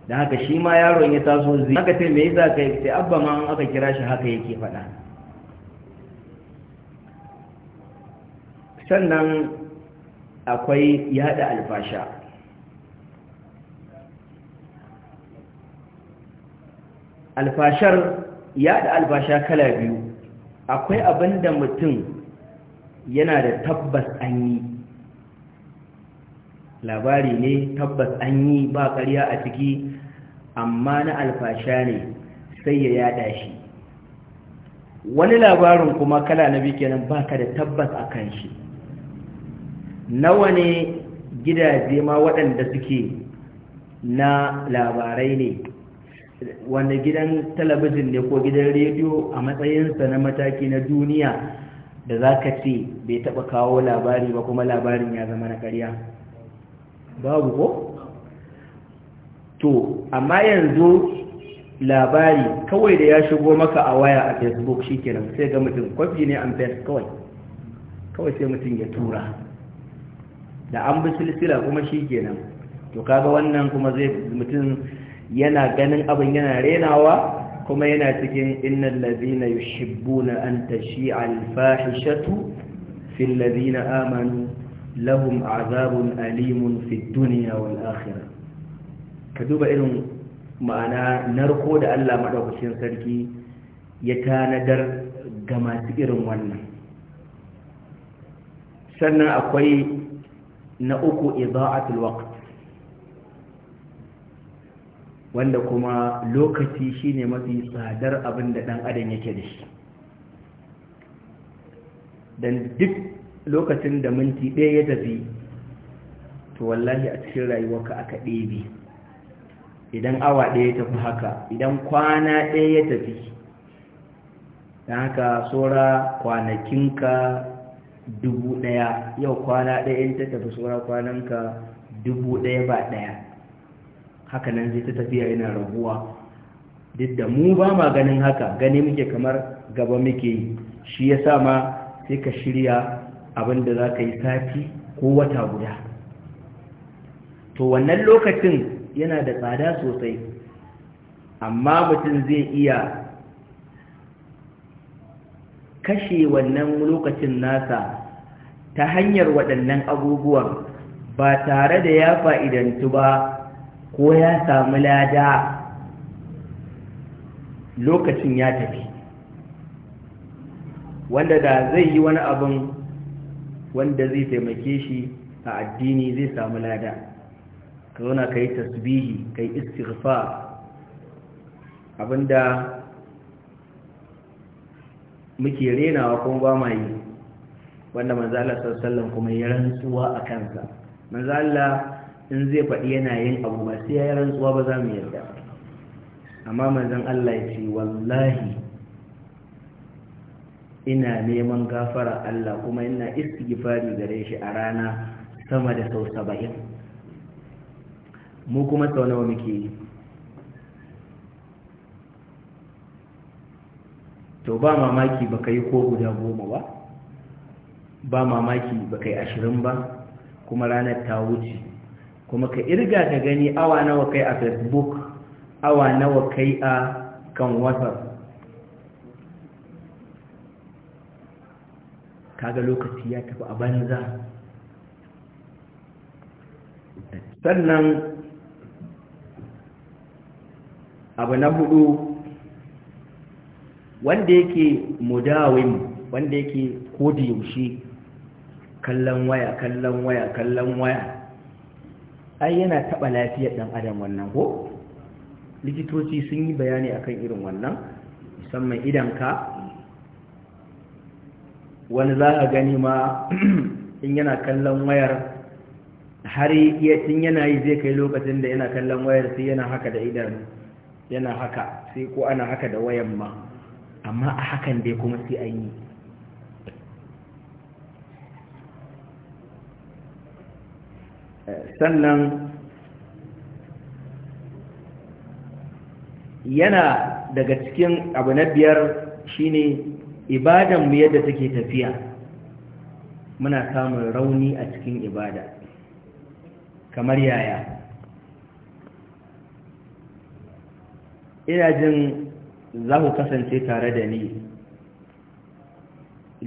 da haka shi ma yaron ya taso zai haka ce za ka yi, sai abba ma an aka kira shi haka yake faɗa sannan akwai yada alfasha alfashar yada alfasha kala biyu akwai abin da mutum yana da tabbas an yi labari ne tabbas an yi ba ƙarya a ciki amma na alfasha ne sai ya yada shi wani labarin kuma kala na biyu ba ka da tabbas a kan shi nawa ne gidaje ma waɗanda suke na labarai ne wanda gidan talabijin ne ko gidan rediyo a matsayinsa na mataki na duniya da za ka ce bai taɓa kawo labari ba kuma labarin ya zama na ƙarya babu ko to amma yanzu labari kawai da ya shigo maka a waya a facebook shikenan sai ga mutum kwafi ne an fes kawai kawai sai mutum ya tura da an bi silsila kuma shikenan to kaga wannan kuma zai mutum yana ganin abin yana renawa kuma yana cikin innal ladina yushibbuna an tashi'a al-fahishatu fil ladina amanu lahum azabun alimun fi duniya wal akhirah ka duba irin ma'ana narko da Allah madaukakin sarki ya tanadar ga masu irin wannan sannan akwai na uku ida'atul waqt wanda kuma lokaci shine mafi tsadar abin da dan adam yake da shi dan duk lokacin da minti ɗaya ya tafi to wallahi a cikin rayuwarka aka ɗebe idan awa ɗaya ya tafi haka idan kwana ɗaya ya tafi don haka tsora kwanakinka dubu ɗaya yau kwana ɗaya in ta tafi tsora kwananka dubu ɗaya ba ɗaya haka nan zai ta tafiya yana rabuwa duk da mu ba ma ganin haka gani muke kamar gaba muke shi ya sa ma sai ka shirya da za ka yi sati ko wata guda to wannan lokacin yana da tsada sosai amma mutum zai iya kashe wannan lokacin nasa ta hanyar waɗannan abubuwan ba tare da ya fa'idantu ba ko ya samu lada lokacin ya tafi wanda da zai yi wani abin wanda zai taimake shi a addini zai samu lada ka zauna ka yi tasbihi ka yi istighfar abinda muke renawa kuma ba ma yi wanda manzala sallallahu kuma ya rantsuwa a kansa manzala in zai faɗi yana yin abu ba sai ya rantsuwa ba za mu yarda amma manzan Allah ya ce wallahi ina neman gafara Allah kuma ina istighfari gare shi a rana sama da sau saba'in mu kuma sau nawa muke yi to ba mamaki ba yi ko guda goma ba ba mamaki ba yi ashirin ba kuma ranar ta wuce kuma ka irga ka gani awa nawa kai a facebook awa nawa kai a kan whatsapp kaga lokaci ya tafi a banza sannan abu na hudu wanda yake mudawim wanda yake kodi yaushe kallon waya kallon waya kallon waya ai yana taba lafiyar dan adam wannan ko likitoci sun yi bayani akan irin wannan musamman ka? wani za a gani ma in yana kallon wayar har tun yana yi zai kai lokacin da yana kallon wayar sai yana haka da idan yana haka sai ko ana haka da wayan ma amma a hakan dai kuma sai an yi sannan yana daga cikin abu na biyar shine ibadan mu yadda take tafiya muna samun rauni a cikin ibada kamar yaya ina jin za ku kasance tare da ni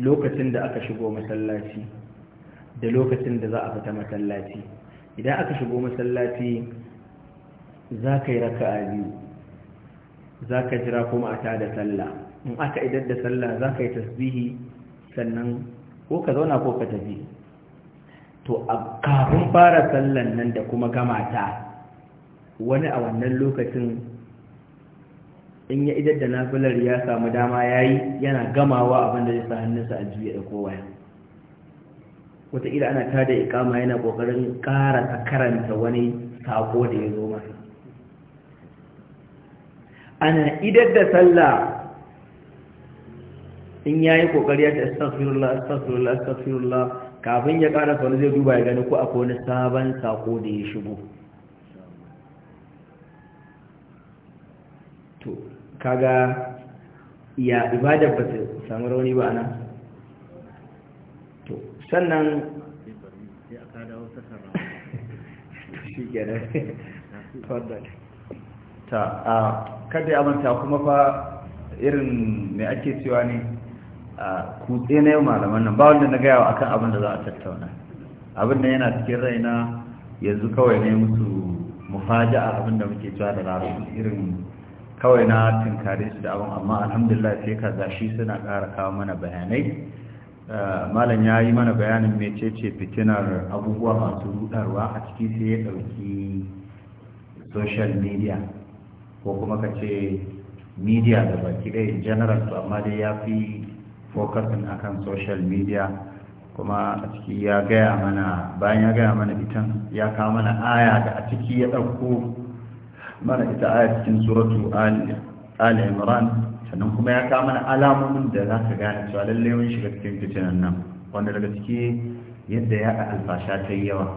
lokacin da aka shigo masallaci da lokacin da za a fita masallaci idan aka shigo masallaci za ka yi raka'a biyu za ka jira kuma a tada sallah in aka idar da sallah za ka yi tasbihi sannan ko ka zauna ko ka tafi to a kafin fara sallan nan da kuma gama ta wani a wannan lokacin in ya idar da nafilar ya samu dama ya yi yana gamawa abin da ya sa hannunsa a juya da kowaya wataƙila ana tada ikama yana ƙoƙarin ƙarasa karanta wani sako da ya zo masa ana idar da sallah in ya yi kokari ya ta astaghfirullah astaghfirullah astaghfirullah kafin ya ƙara faru, zai duba ya gani ko akwai wani sabon sako da ya shigo to kaga ya ibadar ba ta samu rauni ba nan to sannan ta a kada ya manta kuma fa irin mai ake cewa ne a kutse na yau malaman nan ba wanda na gaya wa akan abin da za a tattauna abin da yana cikin raina yanzu kawai ne musu a abin da muke cewa da larabci irin kawai na tunkare su da abin amma alhamdulillah sai ka zashi suna ƙara kawo mana bayanai malam ya yi mana bayanin mecece fitinar abubuwa masu rudarwa a ciki sai ya ɗauki social media ko kuma ka ce media da baki ɗaya general to amma dai ya fi focusin akan social media kuma a ciki ya gaya mana bayan ya gaya mana bitan ya kawo mana aya da a ciki ya ɗauko mana ita aya cikin suratu ali imran sannan kuma ya kawo mana alamomin da za ka gane cewa lallai mun shiga cikin fitinan nan wanda daga ciki yadda ya alfasha ta yi yawa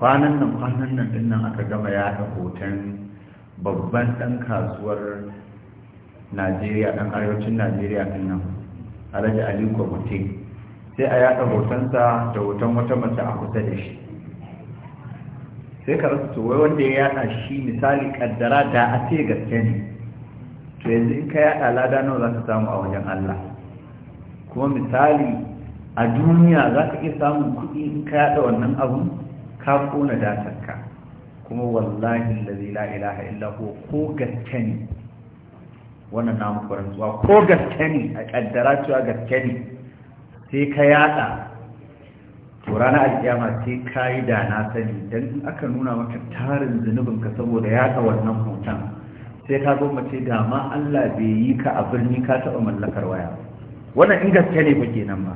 kwanan nan kwanan nan din nan aka gama ya hoton babban ɗan kasuwar najeriya ɗan arewacin najeriya ɗin nan alhaji aliko mutum sai a yaɗa hotonsa da hoton wata mace a kusa da shi sai ka rasu wai wanda ya yaɗa shi misali kaddara da a ce gaske ne to yanzu in ka yaɗa lada nawa za ka samu a wajen allah kuma misali a duniya za ka iya samun kuɗi in ka yaɗa wannan abun ka kona datarka kuma wallahi lalila ilaha illa ko gaske ne wannan na rantsuwa ko gaske ne a kaddara cewa gaske ne sai ka yada to rana alkiyama sai ka yi da na sani dan in aka nuna maka tarin zunubin ka saboda yada wannan hoton sai ka zo mace da ma Allah bai yi ka a birni ka taba mallakar waya wannan in gaske ne ba kenan ma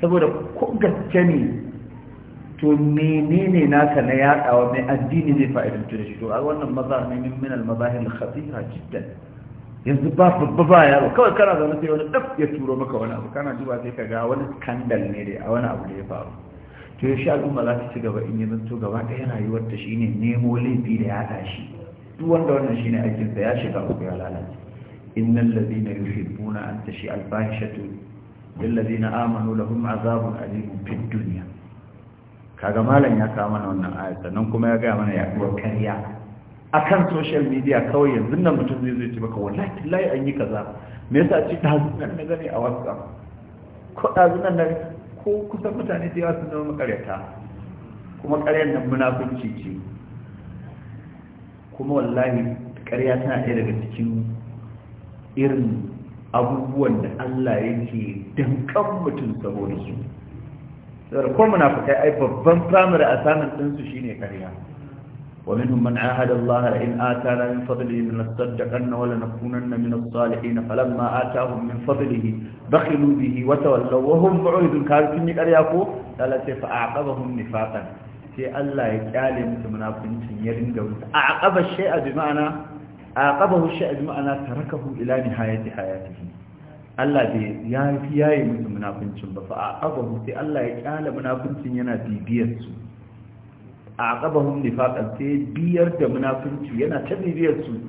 saboda ko gaske ne to menene naka na yadawa mai addini zai fa'idantu da shi to a wannan mazahir ne min al-mazahir al-khatira jiddan yanzu ba babba ba yaro kawai kana zaune sai wani daf ya turo maka wani abu kana duba sai ka ga wani scandal ne dai a wani abu da ya faru to ya sha al'umma za ta ci gaba in yi zanto gaba ɗaya rayuwar ta shine nemo laifi da ya tashi duk wanda wannan ne aikin sa ya shiga uku ya lalace innal ladina yuhibbuna an tashi al-fahishatu lil amanu lahum azabun alim fid dunya kaga malam ya kawo mana wannan aya sannan kuma ya gaya mana yaduwar karya A kan social media kawai yanzu nan mutum zai zai ce baka, wallahi tallahi an yi kaza me yasa ce dazu nan na a whatsapp ko dazu nan na ko kusan mutane da yawa sun zama makaryata kuma karyar nan munafunci ce kuma wallahi karya tana ɗaya daga cikin irin abubuwan da Allah yake dankan mutum saboda su ko munafukai ai babban firamare assignment din su shine kariya wa minhum man ahada Allah la in atana min fadlihi min asaddaqanna wa lanakunanna min as-salihin falamma atahum min fadlihi bakhilu bihi wa tawallaw wa hum mu'ridun ka kin ni kariya ko dala sai fa aqabahum nifaqan sai Allah ya kyale musu munafincin ya dinga musu aqaba shay'a bi ma'ana aqabahu shay'a bi ma'ana tarakahu ila nihayati hayatihim Allah bai ya fi yayi musu munafincin ba fa a aqabahu sai Allah ya kyala munafincin yana bibiyar su a aqabahum nifaqan sai biyar da munafinci yana ta bibiyar su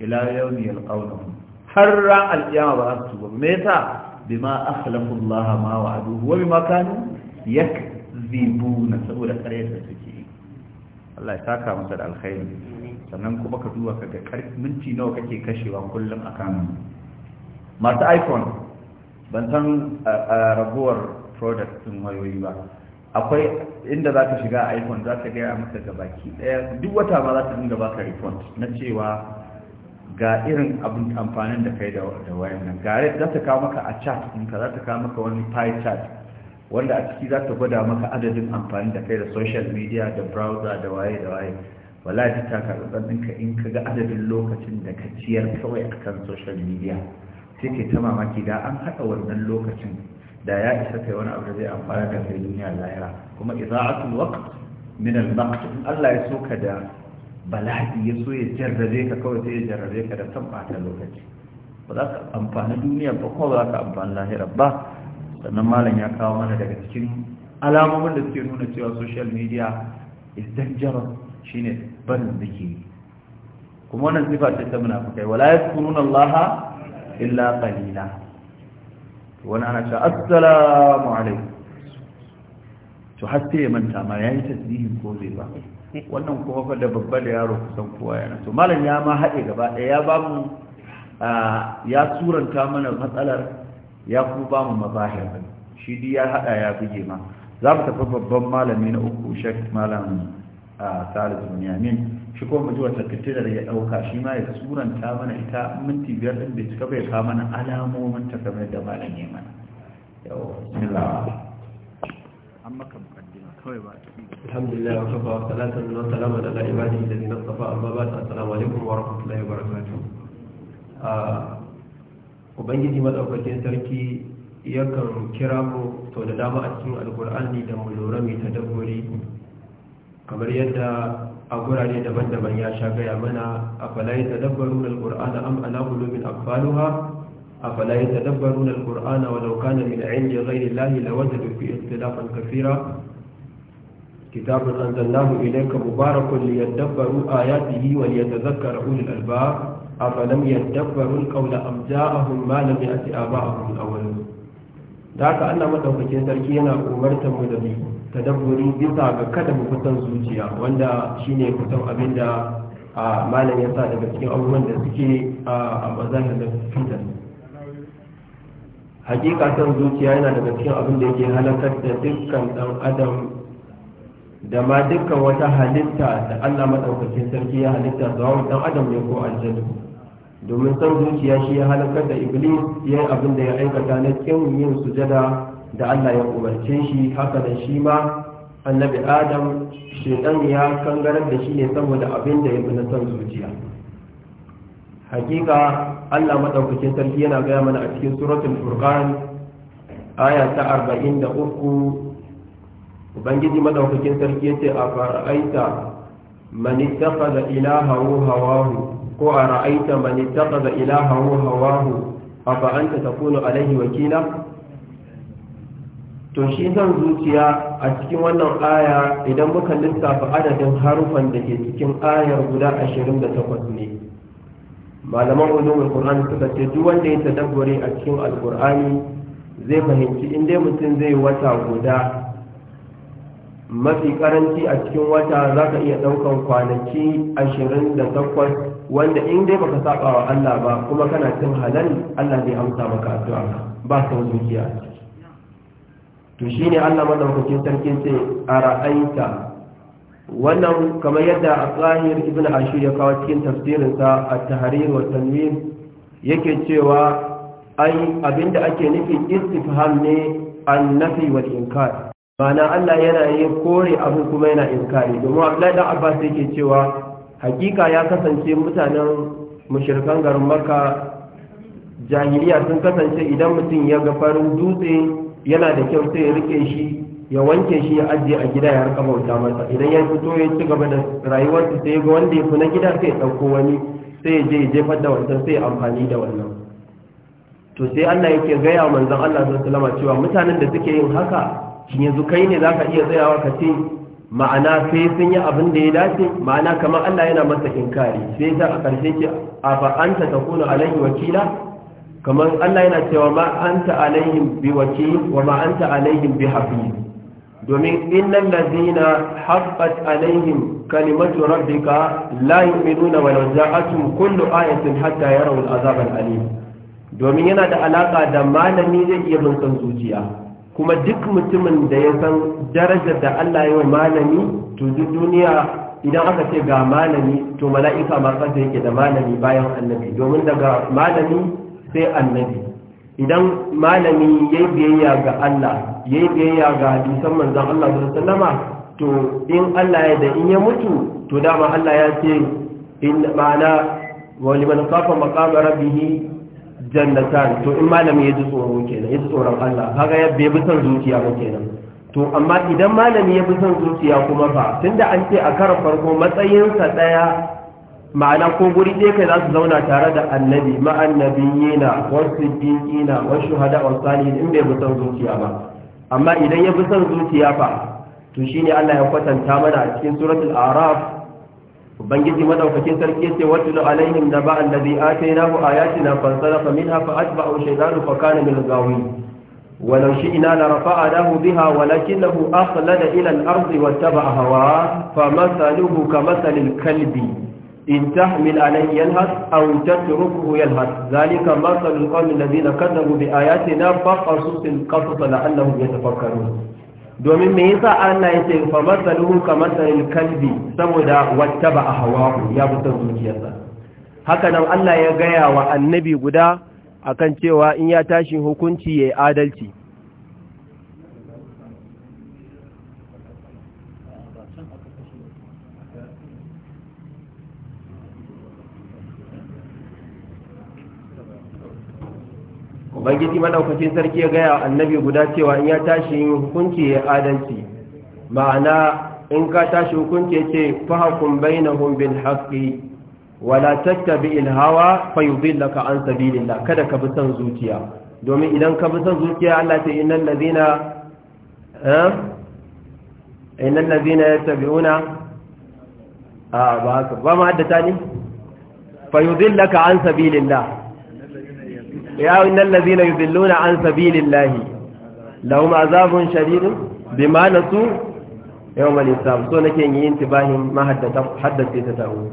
ila yawmi yalqawnahu har ra alƙiyama ba su ba me yasa bima akhlafu Allah ma wa'aduhu wa bima kanu yakzibuna saboda ƙaryar da suke Allah ya saka masa da alkhairi sannan kuma ka duba kaga minti nawa kake kashewa kullum akan masu iphone ban san raguwar product sun wayoyi ba akwai inda za ka shiga iphone za ka gaya maka gabaki daya duk wata ma za ta dinga baka report na cewa ga irin abin amfanin da kai da wayan nan gare za ta kawo maka a chat ɗinka za ta kawo maka wani pie chart wanda a ciki za ta gwada maka adadin amfani da kai da social media da browser da waye da waye wallahi ta karɓar ɗinka in ka ga adadin lokacin da ka ciyar kawai akan social media sai ta mamaki da an haɗa wannan lokacin da ya isa kai wani abu da zai amfana da kai duniya lahira kuma iza'atul waqt min al-maqt Allah ya so ka da bala'i ya so ya jarrabe ka kawai sai ya jarrabe ka da san bata lokaci ba za ka amfani duniya ba kuma ba za ka amfani lahira ba sannan malam ya kawo mana daga cikin alamomin da suke nuna cewa social media is dangerous shine barin zikiri kuma wannan sifa ce ta munafikai wala yadhkuruna Allah illa qalila wani ana ce assalamu alaikum to har sai ya manta ma yayi tasbihin ko zai ba wannan kuma fa da babba da yaro kusan kowa yana to malam ya ma haɗe gaba ɗaya ya ba mu ya suranta mana matsalar ya kuma ba mu mazahir shi dai ya haɗa ya buge ma za mu tafi babban malami na uku shek malam salisu yamin shi ko mu ji wata fitilar ya dauka shi ma ya suranta mana ita minti biyar din bai cika bai kawo mana alamomin ta kamar da ba ya mana yau bismillah amma kan mukaddima kawai ba wa salamu ala ibadi وسلام على عباده الذين اصطفى ta بعد السلام عليكم ورحمة الله وبركاته ubangiji madaukakin sarki yakan kira mu to da dama a cikin alkur'ani da mu lura mai tadabburi kamar yadda a gurare daban-daban ya sha gaya mana a falaye ta dabbarun alkur'ana am ala gulubin akfaluha a falaye ta dabbarun alkur'ana wa daukana min inda da lahi lawanda da fi istilafan kafira kitabun an zannahu ilaika a liyadabbaru ayatihi wa liyatazakkara ulul alba afalam yadabbaru alqawla a ja'ahum ma lam a aba'ahum al-awwalun da haka Allah madaukakin sarki yana umartar mu da tadabburi bisa ga kada mu kusan zuciya wanda shine kusan abin da malam ya sa daga cikin abubuwan da suke a bazanin da fitar hakika san zuciya yana daga cikin abin da yake halakar da dukkan dan adam da ma dukkan wata halitta da allah maɗaukakin sarki ya halitta wani dan adam ne ko aljanu domin san zuciya shi ya halakar da iblis yayin abin da ya aikata na kin yin sujada da Allah ya umarce shi haka da shi ma annabi adam shedan ya kangarar da shi ne saboda abin da ya fi na son zuciya hakika Allah madaukakin sarki yana gaya mana a cikin suratul furqan aya ta arba'in uku ubangiji madaukakin sarki yace a fara'aita man ittakhadha ilahahu hawahu ko a ra'aita man ittakhadha ilahahu hawahu afa ta takunu alaihi wakila to shi zan zuciya a cikin wannan aya idan muka lissafa adadin harufan da ke cikin ayar guda ashirin da takwas ne malaman ulumul qur'an suka ce duk wanda ya tadabbure a cikin alqur'ani zai fahimci in dai mutum zai wata guda mafi karanci a cikin wata za ka iya ɗaukan kwanaki ashirin da takwas wanda in dai baka saɓa wa Allah ba kuma kana cin halal Allah zai amsa maka addu'a ba san zuciya to ne Allah madaukakin sarki ce a ra'ayinta wannan kamar yadda a tsahir ibn ashir ya kawo cikin tafsirinsa a tahrir wa tanwir yake cewa ai abinda ake nufi istifham ne nafi wal inkar ma'ana Allah yana yi kore abu kuma yana inkari domin Abdullahi dan Abbas yake cewa hakika ya kasance mutanen mushrikan garin Makka jahiliya sun kasance idan mutum ya ga farin dutse yana da kyau sai ya rike shi ya wanke shi ya ajiye a gida ya rika bauta masa idan ya fito ya ci gaba da rayuwarsa sai ga wanda ya fi na gida sai ya ɗauko wani sai ya je ya jefar da wancan sai ya amfani da wannan to sai Allah yake gaya manzon Allah sallallahu alaihi cewa mutanen da suke yin haka shin yanzu kai ne zaka iya tsayawa ka ce ma'ana sai sun yi abin da ya dace ma'ana kamar Allah yana masa inkari sai ta a karshe ce a fa anta takunu alaihi wakila kamar Allah yana cewa ma anta alaihim bi wakil wa ma an alaihim bi hafiz domin innal ladina haqqat alaihin kalimatu rabbika la yu'minuna wa law ja'atuhum kullu ayatin hatta yarawu al'azab al'alim domin yana da alaka da malami zai iya bin zuciya kuma duk mutumin da ya san darajar da Allah ya wa malami to duk duniya idan aka ce ga malami to mala'ika ma kansa yake da malami bayan annabi domin daga malami sai annabi idan malami ya yi biyayya ga Allah ya yi biyayya ga hadisan manzan Allah da sallama to in Allah ya da in ya mutu to dama Allah ya ce in ma'ana wa liman kafa maqama rabbih jannatan to in malami ya ji tsoro kenan ya ji tsoron Allah kaga ya bai san zuciya ba kenan to amma idan malami ya bi san zuciya kuma fa tunda an ce a karan farko matsayinsa daya ma'ana ko guri ɗaya kai za su zauna tare da annabi ma'annabiyina wasu diƙina wasu hada wasu salihin in bai bi son zuciya ba amma idan ya bi son zuciya fa to shine Allah ya kwatanta mana a cikin suratul araf ubangiji madaukakin sarki yace watul alaihim da ba allazi atainahu ayatina fansalafa minha fa atba'u shaytanu fa kana min al-ghawin ولو شئنا لرفعناه بها ولكنه أخلد إلى الأرض واتبع هواه فمثله كمثل الكلب in tahmil alai yalhas aw tatrukuhu yalhas zalika ma sal alqawm alladhina kadhabu bi ayatina fa qasusil qasas la'annahum yatafakkarun domin me yasa Allah ya ce fa masaluhu kamasalil kalbi saboda wattaba ahwahu ya buta zuciyarsa haka nan Allah ya gaya wa annabi guda akan cewa in ya tashi hukunci yayi adalci ubangiji maɗaukacin sarki ya gaya annabi guda cewa in ya tashi yin hukunci ya adalci ma'ana in ka tashi hukunci ce fahakun bainahum bil haqqi wala tattabi ilhawa, hawa fayudillaka an sabilillah kada ka bi son zuciya domin idan ka bi son zuciya Allah ta innal ladina eh innal ladina yattabi'una a ba ba ma haddata ni fayudillaka an sabilillah ya innal ladina yudilluna an sabilillahi lahum azabun shadidun bima nasu yawmal hisab so nake yin intibahin mahaddata haddace ta tawo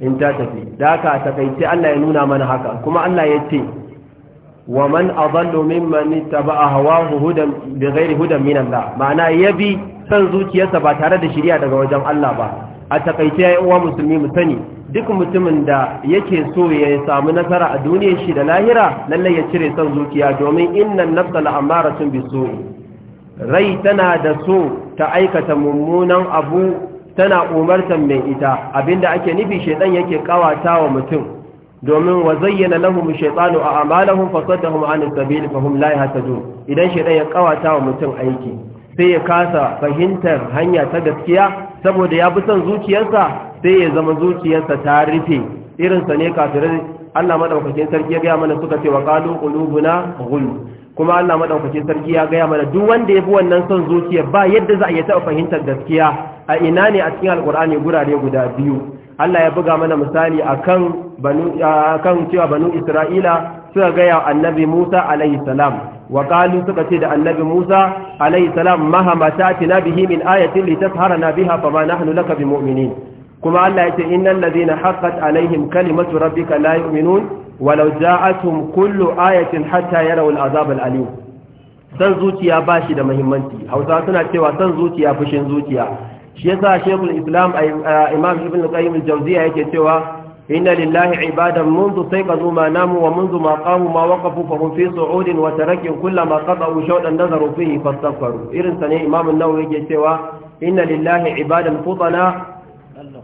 in ta tafi da ka takaice Allah ya nuna mana haka kuma Allah ya ce wa man adallu mimman ittaba'a hawahu hudan bighairi hudan min Allah ma'ana yabi san zuciyarsa ba tare da shiriya daga wajen Allah ba a takaice ya uwa musulmi mu sani duk mutumin da yake so ya samu nasara a duniyar shi da lahira lallai ya cire son zuciya domin innan nafsa bi biso rai tana da so ta aikata mummunan abu tana umartan mai ita abinda ake nufi shaidan yake kawata wa mutum domin wa zayyana lahum shaytanu a amalahum fasaddahum an sabil hum la yahtadun idan shaidan ya kawata wa mutum aiki sai ya kasa fahimtar hanya ta gaskiya saboda ya bi son zuciyarsa sai ya zama zuciyarsa ta rufe irinsa ne kafirin. Allah madaukakin sarki ya gaya mana suka ce wa qalu qulubuna ghulf kuma Allah madaukakin sarki ya gaya mana duk wanda ya bi wannan son zuciya ba yadda za a iya taɓa fahimtar gaskiya a ina ne a cikin alkur'ani gurare guda biyu Allah ya buga mana misali akan banu akan cewa banu Isra'ila suka gaya annabi Musa alaihi salam وقالوا da Annabi Musa عليه السلام مهما تأتنا به من آية لتسهرنا بها فما نحن لك بمؤمنين kuma Allah ya ce innal ladina haqqat alaihim kalimatu rabbika la yu'minun walau ja'atuhum kullu ayatin hatta yarawul azab azabal alim san zuciya ba shi da muhimmanci hausa suna cewa san zuciya fushin zuciya shi yasa shekul islam imam ibn qayyim al-jawziya yake cewa inna lillahi ibadan منذ sayqazu ma namu wa munzu ma qamu ma waqafu fa hum fi su'udin wa tarakin kullama qata'u shawdan nazaru fihi fastaghfaru irin sane imam an-nawawi yake cewa inna lillahi ibadan futana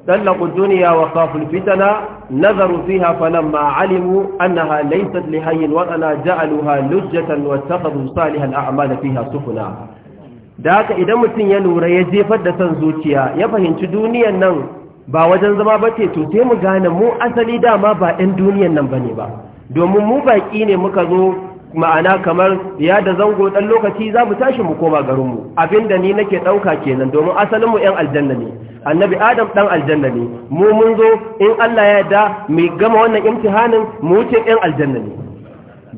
طلقوا الدنيا وخافوا الفتنة نظروا فيها فلما علموا أنها ليست لحي وأنا جعلوها لجة واتخذوا صالح الأعمال فيها سفنا ذاك إذا متن ينور يجيف دسان زوجيا يفهن دنيا نن ba wajen zama ba ce to sai mu gane mu asali dama ba 'yan duniyan nan ba ne ba domin mu baƙi ne muka zo ma'ana kamar ya da zango ɗan lokaci za mu tashi mu koma garinmu abinda ni nake ɗauka kenan domin asalinmu 'yan aljanna ne annabi adam dan aljanna ne mu mun zo in Allah ya yarda mu gama wannan imtihanin mu wuce ɗan aljanna ne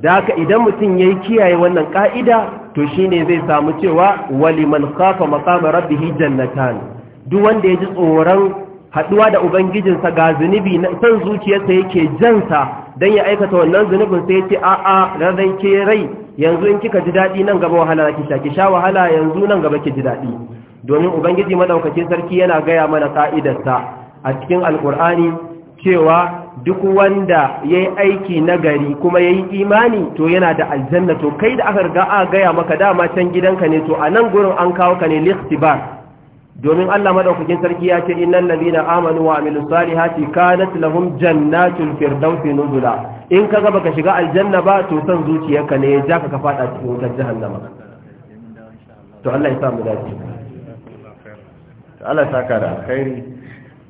da haka idan mutum yayi kiyaye wannan ka'ida to shine zai samu cewa waliman khafa maqama rabbih jannatan duk wanda ya ji tsoron haɗuwa da ubangijinsa ga zunubi na san zuciyarsa yake jansa dan ya aikata wannan zunubin sai ya ce a'a rarrai ke rai yanzu in kika ji daɗi nan gaba wahala ki sha ki sha wahala yanzu nan gaba ki ji daɗi. domin ubangiji madaukakin sarki yana gaya mana ka'idarsa a cikin alkur'ani cewa duk wanda ya yi aiki nagari kuma ya yi imani to yana da aljanna to kai da aka riga a gaya maka dama can gidanka ne to a nan gurin an kawo ka ne likhtibar domin Allah madaukakin sarki ya ce innal ladina amanu wa amilus salihati kanat lahum jannatul firdausi nuzula in ka kaga baka shiga aljanna ba to san zuciyarka ne ya ja ka ka fada cikin wutar jahannama to Allah ya sa mu dace Allah saka da alkhairi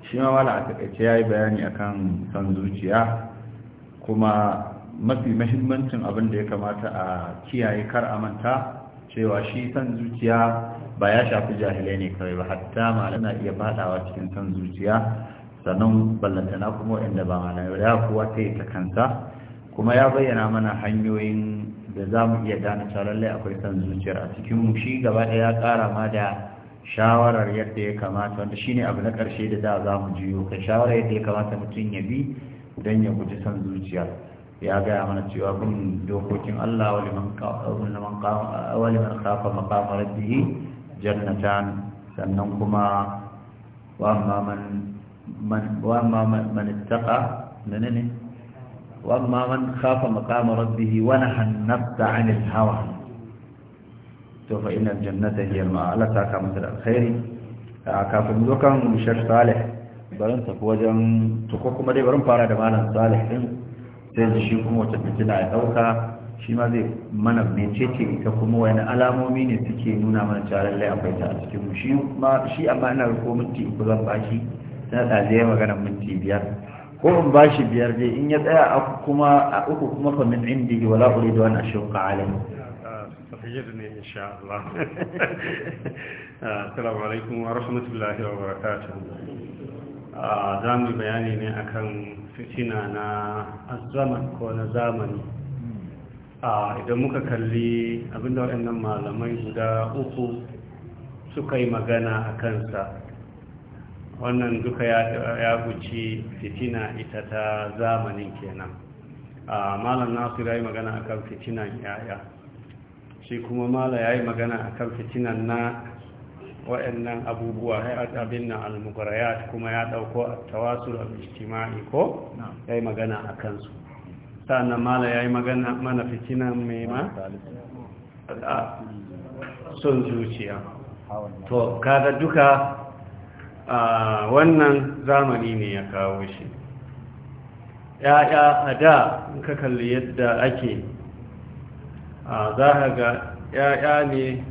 shi ma wala a takaice yayi bayani akan san zuciya kuma mafi mahimmancin abin da ya kamata a kiyaye kar a manta cewa shi san zuciya ba ya shafi jahilai ne kawai ba hatta na iya fadawa cikin san zuciya sannan ballantana kuma inda ba malama ya kuwa ta yi ta kanta kuma ya bayyana mana hanyoyin da za mu iya gane cewa lallai akwai san zuciyar a cikin mu shi gaba ɗaya ya ƙara ma da shawarar yadda ya kamata wanda shine abu na ƙarshe da da za mu jiyo kai shawarar yadda ya kamata mutum ya bi don ya guji son zuciya ya gaya mana cewa bin dokokin Allah waliman kafa maqama rabbih jannatan sannan kuma wa amma man ittaqa nanane wa amma man khafa maqama rabbihi wa nahana 'anil hawa to fa inna jannata hiya al Allah ta ka masa da alkhairi kafin dukan Sheikh Salih barin tafi wajen tuko kuma dai barin fara da malam Salih din sai shi kuma wata fitina ya dauka shi ma zai mana mecece ita kuma wani alamomi ne suke nuna mana cewa lallai akwai ta a cikin mu shi ma shi amma ina ko minti uku zan bashi na tsaje magana minti biyar ko in bashi biyar dai in ya tsaya a uku kuma fa min indi wala uridu an ashqa alai tafiyar ne insha Allah assalamu alaikum wa rahmatullahi wa barakatuh za mu bayani ne akan fitina na azaman ko na zamani idan muka kalli abinda waɗannan malamai guda uku suka yi magana a kansa wannan duka ya guci fitina ita ta zamanin kenan malam nasu ya yi magana akan fitinan yaya shi kuma mala ya yi magana a kan fitinan na waɗannan abubuwa ya abin nan almugarayat kuma ya ɗauko a tawasul al-ijtima'i ko ya yi magana a kansu sannan mala ya yi magana mana fitinan mai ma son zuciya to kada duka wannan zamani ne ya kawo shi ya'ya a da ka kalli yadda ake za ka ga ‘ya'ya ne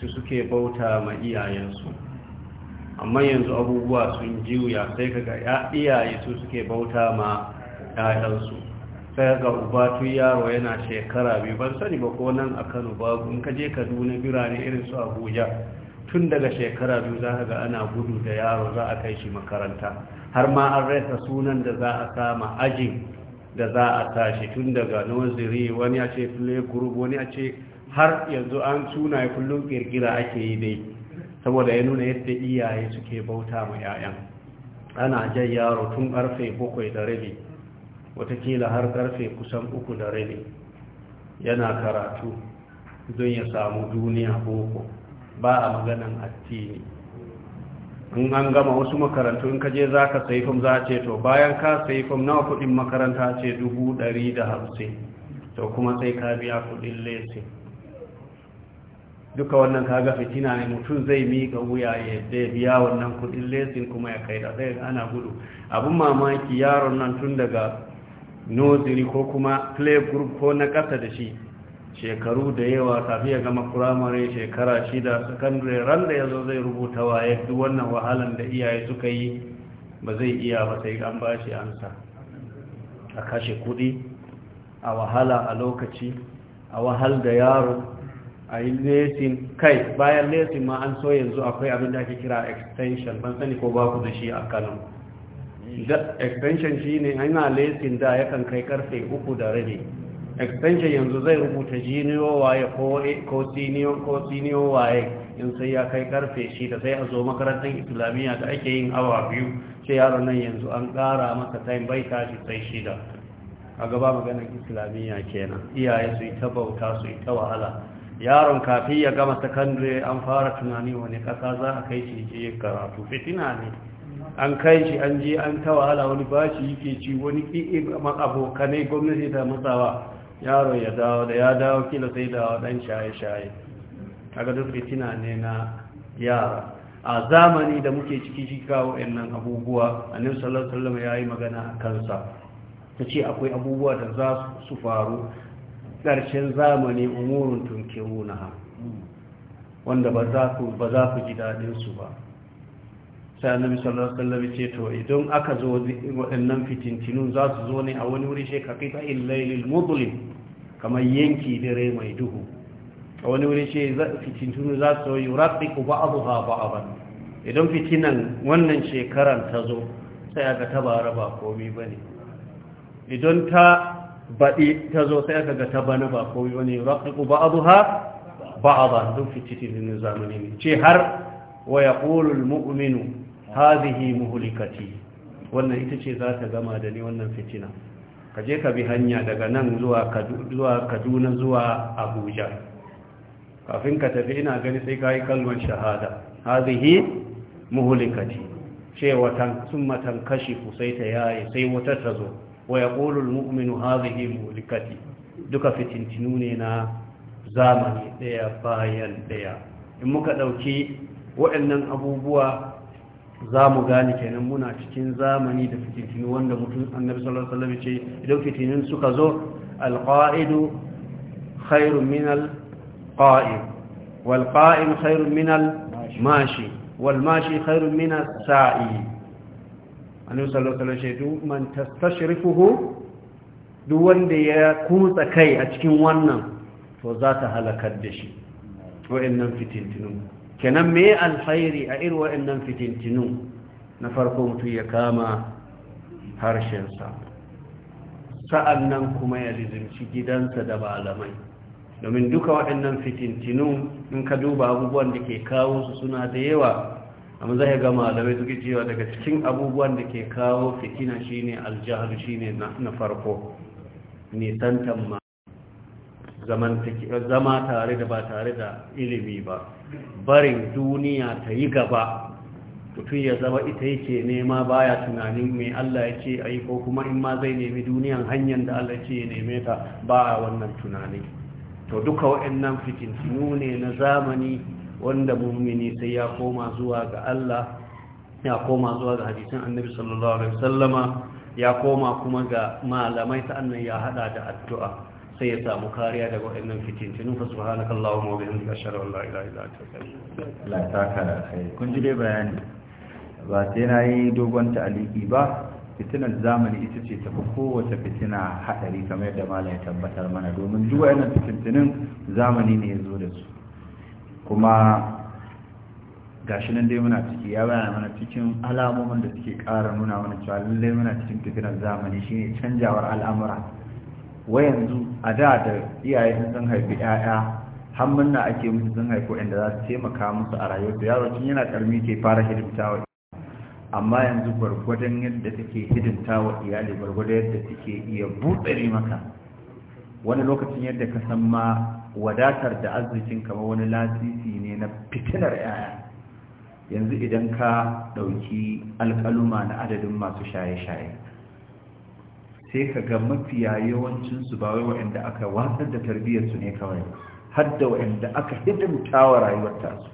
su suke bauta ma iyayensu amma yanzu abubuwa sun jiwuya sai ga iyaye su suke bauta ma ‘ya'yansu sai ga ubatu yaro yana shekara biyu ban sani ba ko nan a kano ba. in ka je kaduna birane irin su abuja tun daga shekara biyu za ga ana gudu da yaro za a kai shi makaranta har ma an rasa sunan da za a sama ajin da za a tashi tun daga nursery wani a ce group wani a ce har yanzu an ya kullum kirkira ake yi dai saboda ya nuna yadda iyaye suke bauta ma 'ya'yan ana jan yaro tun karfe bakwai da rabi watakila har karfe kusan uku da rabi yana karatu don ya samu duniya boko ba a maganan addini in an gama wasu makarantu in ka je za ka sayi fom za a ce to bayan ka sayi fom nawa kudin makaranta ce dubu ɗari da hamsin to kuma sai ka biya kudin lesi duka wannan kaga fitina ne mutum zai miƙa wuya ya biya wannan kudin lesin kuma ya kai da zai ana gudu abin mamaki yaron nan tun daga nursery ko kuma play group ko na ƙasa da shi shekaru da yawa tafiya ya gama firamare shekara shida sakandare ran da ya zo zai rubuta waye duk wannan wahalan da iyaye suka yi ba zai iya ba sai an ba shi ansa a kashe kudi a wahala a lokaci a wahal da yaro a yi lesin kai bayan lesin ma an so yanzu akwai abin da ake kira extension ban sani ko ba ku da shi a kano extension shi ne ana lesin da yakan kai karfe uku da rabi extension yanzu zai rubuta jiniyo waye ko siniyo ko siniyo waye in sai ya kai karfe shi da sai a zo makarantar islamiyya da ake yin awa biyu sai yaron nan yanzu an kara masa time bai tashi sai shida a gaba maganar islamiyya kenan iyaye su yi ta bauta su yi ta wahala yaron kafin ya gama sakandare an fara tunani wani ƙasa za a kai shi je karatu fitina ne an kai shi an je an ta wahala wani bashi yake ci wani abokanai gwamnati ta matsawa yaro ya dawo da ya dawo kila sai da dan shaye-shaye kaga duk fitina ne na yara a zamani da muke ciki shi kawo nan abubuwa annabi sallallahu alaihi wasallam yayi magana a kansa tace akwai abubuwa da za su faru ƙarshen zamani umurun tunkiruna wanda ba za ku ba ji dadin ba sai annabi sallallahu alaihi wasallam ce to idan aka zo waɗannan fitintinun za su zo ne a wani wuri shi ka kaita illailil mudlim kamar yanki dare mai duhu a wani wuri shi fitintinu za su yi raqiqu ba'dha ba'dhan idan fitinan wannan shekaran ta zo sai aka tabara ba komai bane idan ta baɗi ta zo sai aka ga ta bana ba komai bane raqiqu ba'dha ba'dhan duk fitinin zamani ne ce har wa yaqulu al-mu'minu hazihi muhlikati wannan ita ce za ta gama da ni wannan fitina ka je ka bi hanya daga nan zuwa kaduna zuwa abuja kafin ka tafi ina gani sai ka yi kalmar shahada hazihi muhlikati ce watan summa kashi sai ta yaye sai wata ta zo wa yaqulu almu'minu hazihi muhlikati duka fitintinu ne na zamani ɗaya bayan ɗaya. in muka ɗauki waɗannan abubuwa za mu gane kenan muna cikin zamani da fitintinu wanda mutum annabi sallallahu alaihi wasallam ce idan fitinin suka zo alqa'idu khairun min alqa'im wal qa'im khairun min almashi wal mashi khairun min as-sa'i annabi sallallahu alaihi wasallam ce duk man tastashrifuhu duk wanda ya kutsa kai a cikin wannan to za ta halakar da shi wa'annan fitintinu kenan me alkhairi a irin wa'annan fitintinu na farko mutum ya kama harshensa sa'annan kuma ya lizimci gidansa da malamai domin duka waɗannan fitintinu in ka duba abubuwan da ke kawo su suna da yawa amma zai ga malamai suke cewa daga cikin abubuwan da ke kawo fitina shine aljahal shine na farko nisantan zama tare da ba tare da ilimi ba barin duniya ta yi gaba mutum ya zama ita yake nema baya tunanin mai Allah ya ce ai ko kuma in ma zai nemi duniyan hanyar da Allah ce ya neme ta ba a wannan tunani to duka waɗannan fitintinu ne na zamani wanda mummini sai ya koma zuwa ga Allah ya koma zuwa ga hadisin annabi sallallahu alaihi wasallama ya koma kuma ga malamai ta annan ya hada da addu'a sai ya samu kariya daga waɗannan fitintinu fa subhanaka wa bihamdika ashhadu an la ilaha kun ji dai bayani ba sai na yi dogon ta'aliki ba fitinar zamani ita ce ta tafi kowace fitina hadari kamar yadda malam ya tabbatar mana domin duk waɗannan fitintinin zamani ne ya zo da su kuma gashi nan dai muna ciki ya bayana mana cikin alamomin da suke ƙara nuna mana cewa lallai muna cikin fitinar zamani shine canjawar al'amura wa yanzu a da da iyaye sun haifi 'ya'ya har murna ake musu sun haifi inda za su taimaka musu a rayuwarsu yaro tun yana karmi ke fara hidimta wa amma yanzu gwargwadon yadda take hidimta wa iyali gwargwadon yadda take iya buɗe maka wani lokacin yadda ka san ma wadatar da arzikin kamar wani lasisi ne na fitilar yaya yanzu idan ka ɗauki alƙaluma na adadin masu shaye-shaye sai ka ga mafiya yawancinsu ba wai waɗanda aka watsar da tarbiyyarsu ne kawai har da waɗanda aka hidimta wa rayuwar tasu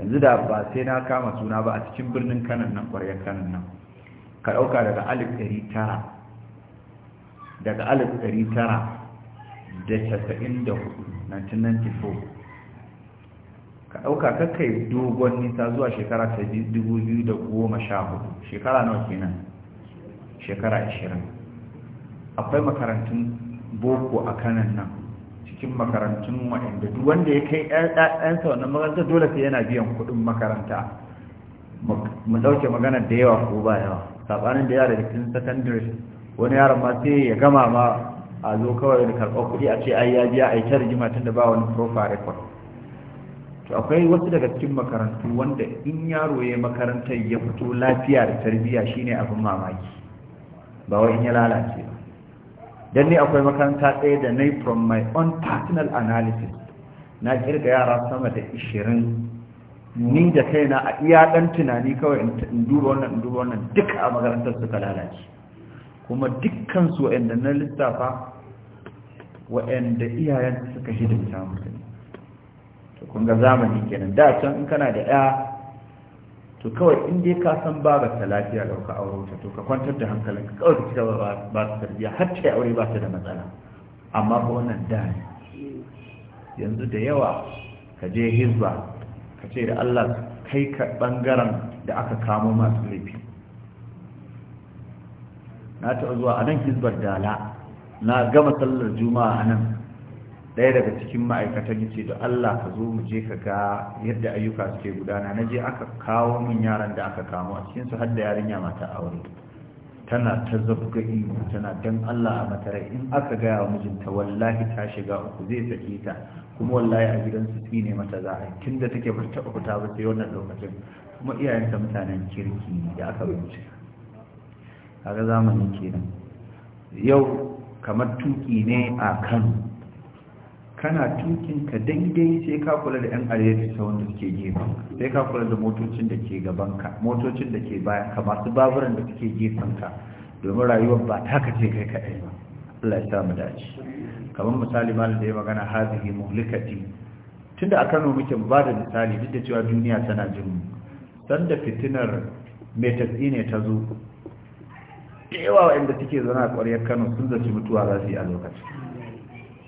yanzu da ba sai na kama suna ba a cikin birnin kanan nan ƙwaryar kanan nan ka ɗauka daga alif ɗari tara daga alif ɗari tara da casa'in da hudu 1994 ka ɗauka kakai dogon nisa zuwa shekara ta 2014 shekara nawa kenan shekara 20 akwai makarantun boko a kanan nan cikin makarantun wa'anda duk wanda ya kai ɗansa wannan makaranta dole sai yana biyan kuɗin makaranta mu ɗauke magana da yawa ko ba yawa saɓanin da yara da cikin secondary wani yaron ma sai ya gama ma a zo kawai da karɓar kuɗi a ce ai ya biya a yi ta rigima tun da ba wani profile record to akwai wasu daga cikin makarantu wanda in yaro ya makarantar ya fito lafiya da tarbiyya shine abin mamaki ba wai in ya lalace ba dan ni akwai makaranta ɗaya da na from my own personal analysis na kirga yara sama da 20 ni da kaina a iya ɗan tunani kawai in duba wannan in duba wannan duka a makarantar suka lalace kuma dukkan su waɗanda na lissafa waɗanda iyayen suka hidimta musu kun ga zamani kenan da can in kana da 'ya to kawai in dai ka san ba ta lafiya dauka aure ta to ka kwantar da hankalinka kawai ka cigaba ba ta tarbiya har ta aure ba ta da matsala amma ba wannan da ne yanzu da yawa ka je hizba ka ce da Allah kai ka bangaren da aka kamo masu laifi na taɓa zuwa a nan hizbar dala na gama sallar juma'a a nan ɗaya daga cikin ma'aikatan ya ce da Allah ka zo mu je ka ga yadda ayyuka suke gudana na je aka kawo min yaran da aka kamo a cikinsu har da yarinya mata aure tana ta zabga ihu tana dan Allah a matare in aka gaya wa mijinta wallahi ta shiga uku zai sake ta kuma wallahi a gidan su ne mata za a tun da take bata taɓa fita ba sai wannan lokacin kuma iyayenta mutanen kirki da aka bincika kaga zamani kenan yau kamar tuki ne a Kano kana tukin ka daidai sai ka kula da yan arewa ta wanda suke gefen sai ka kula da motocin da ke gabanka motocin da ke baya ka masu baburan da suke gefen ka domin rayuwar ba taka ce kai kaɗai ba Allah ya samu dace kamar misali malam da ya magana hazihi muhlikati tunda a Kano muke ba da misali duk da cewa duniya tana jin mu sanda fitinar mai ne ta zo da yawa waɗanda suke zana a ƙwaryar Kano sun zaci mutuwa za su yi a lokacin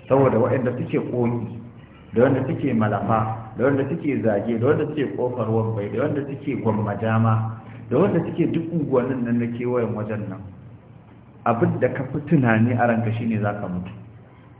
saboda waɗanda suke ƙoni da wanda suke malafa da wanda suke zage da wanda suke ƙofar wambai da wanda suke dama, da wanda suke duk unguwannin nan na kewayen wajen nan abin da ka fi tunani a ranka shine za ka mutu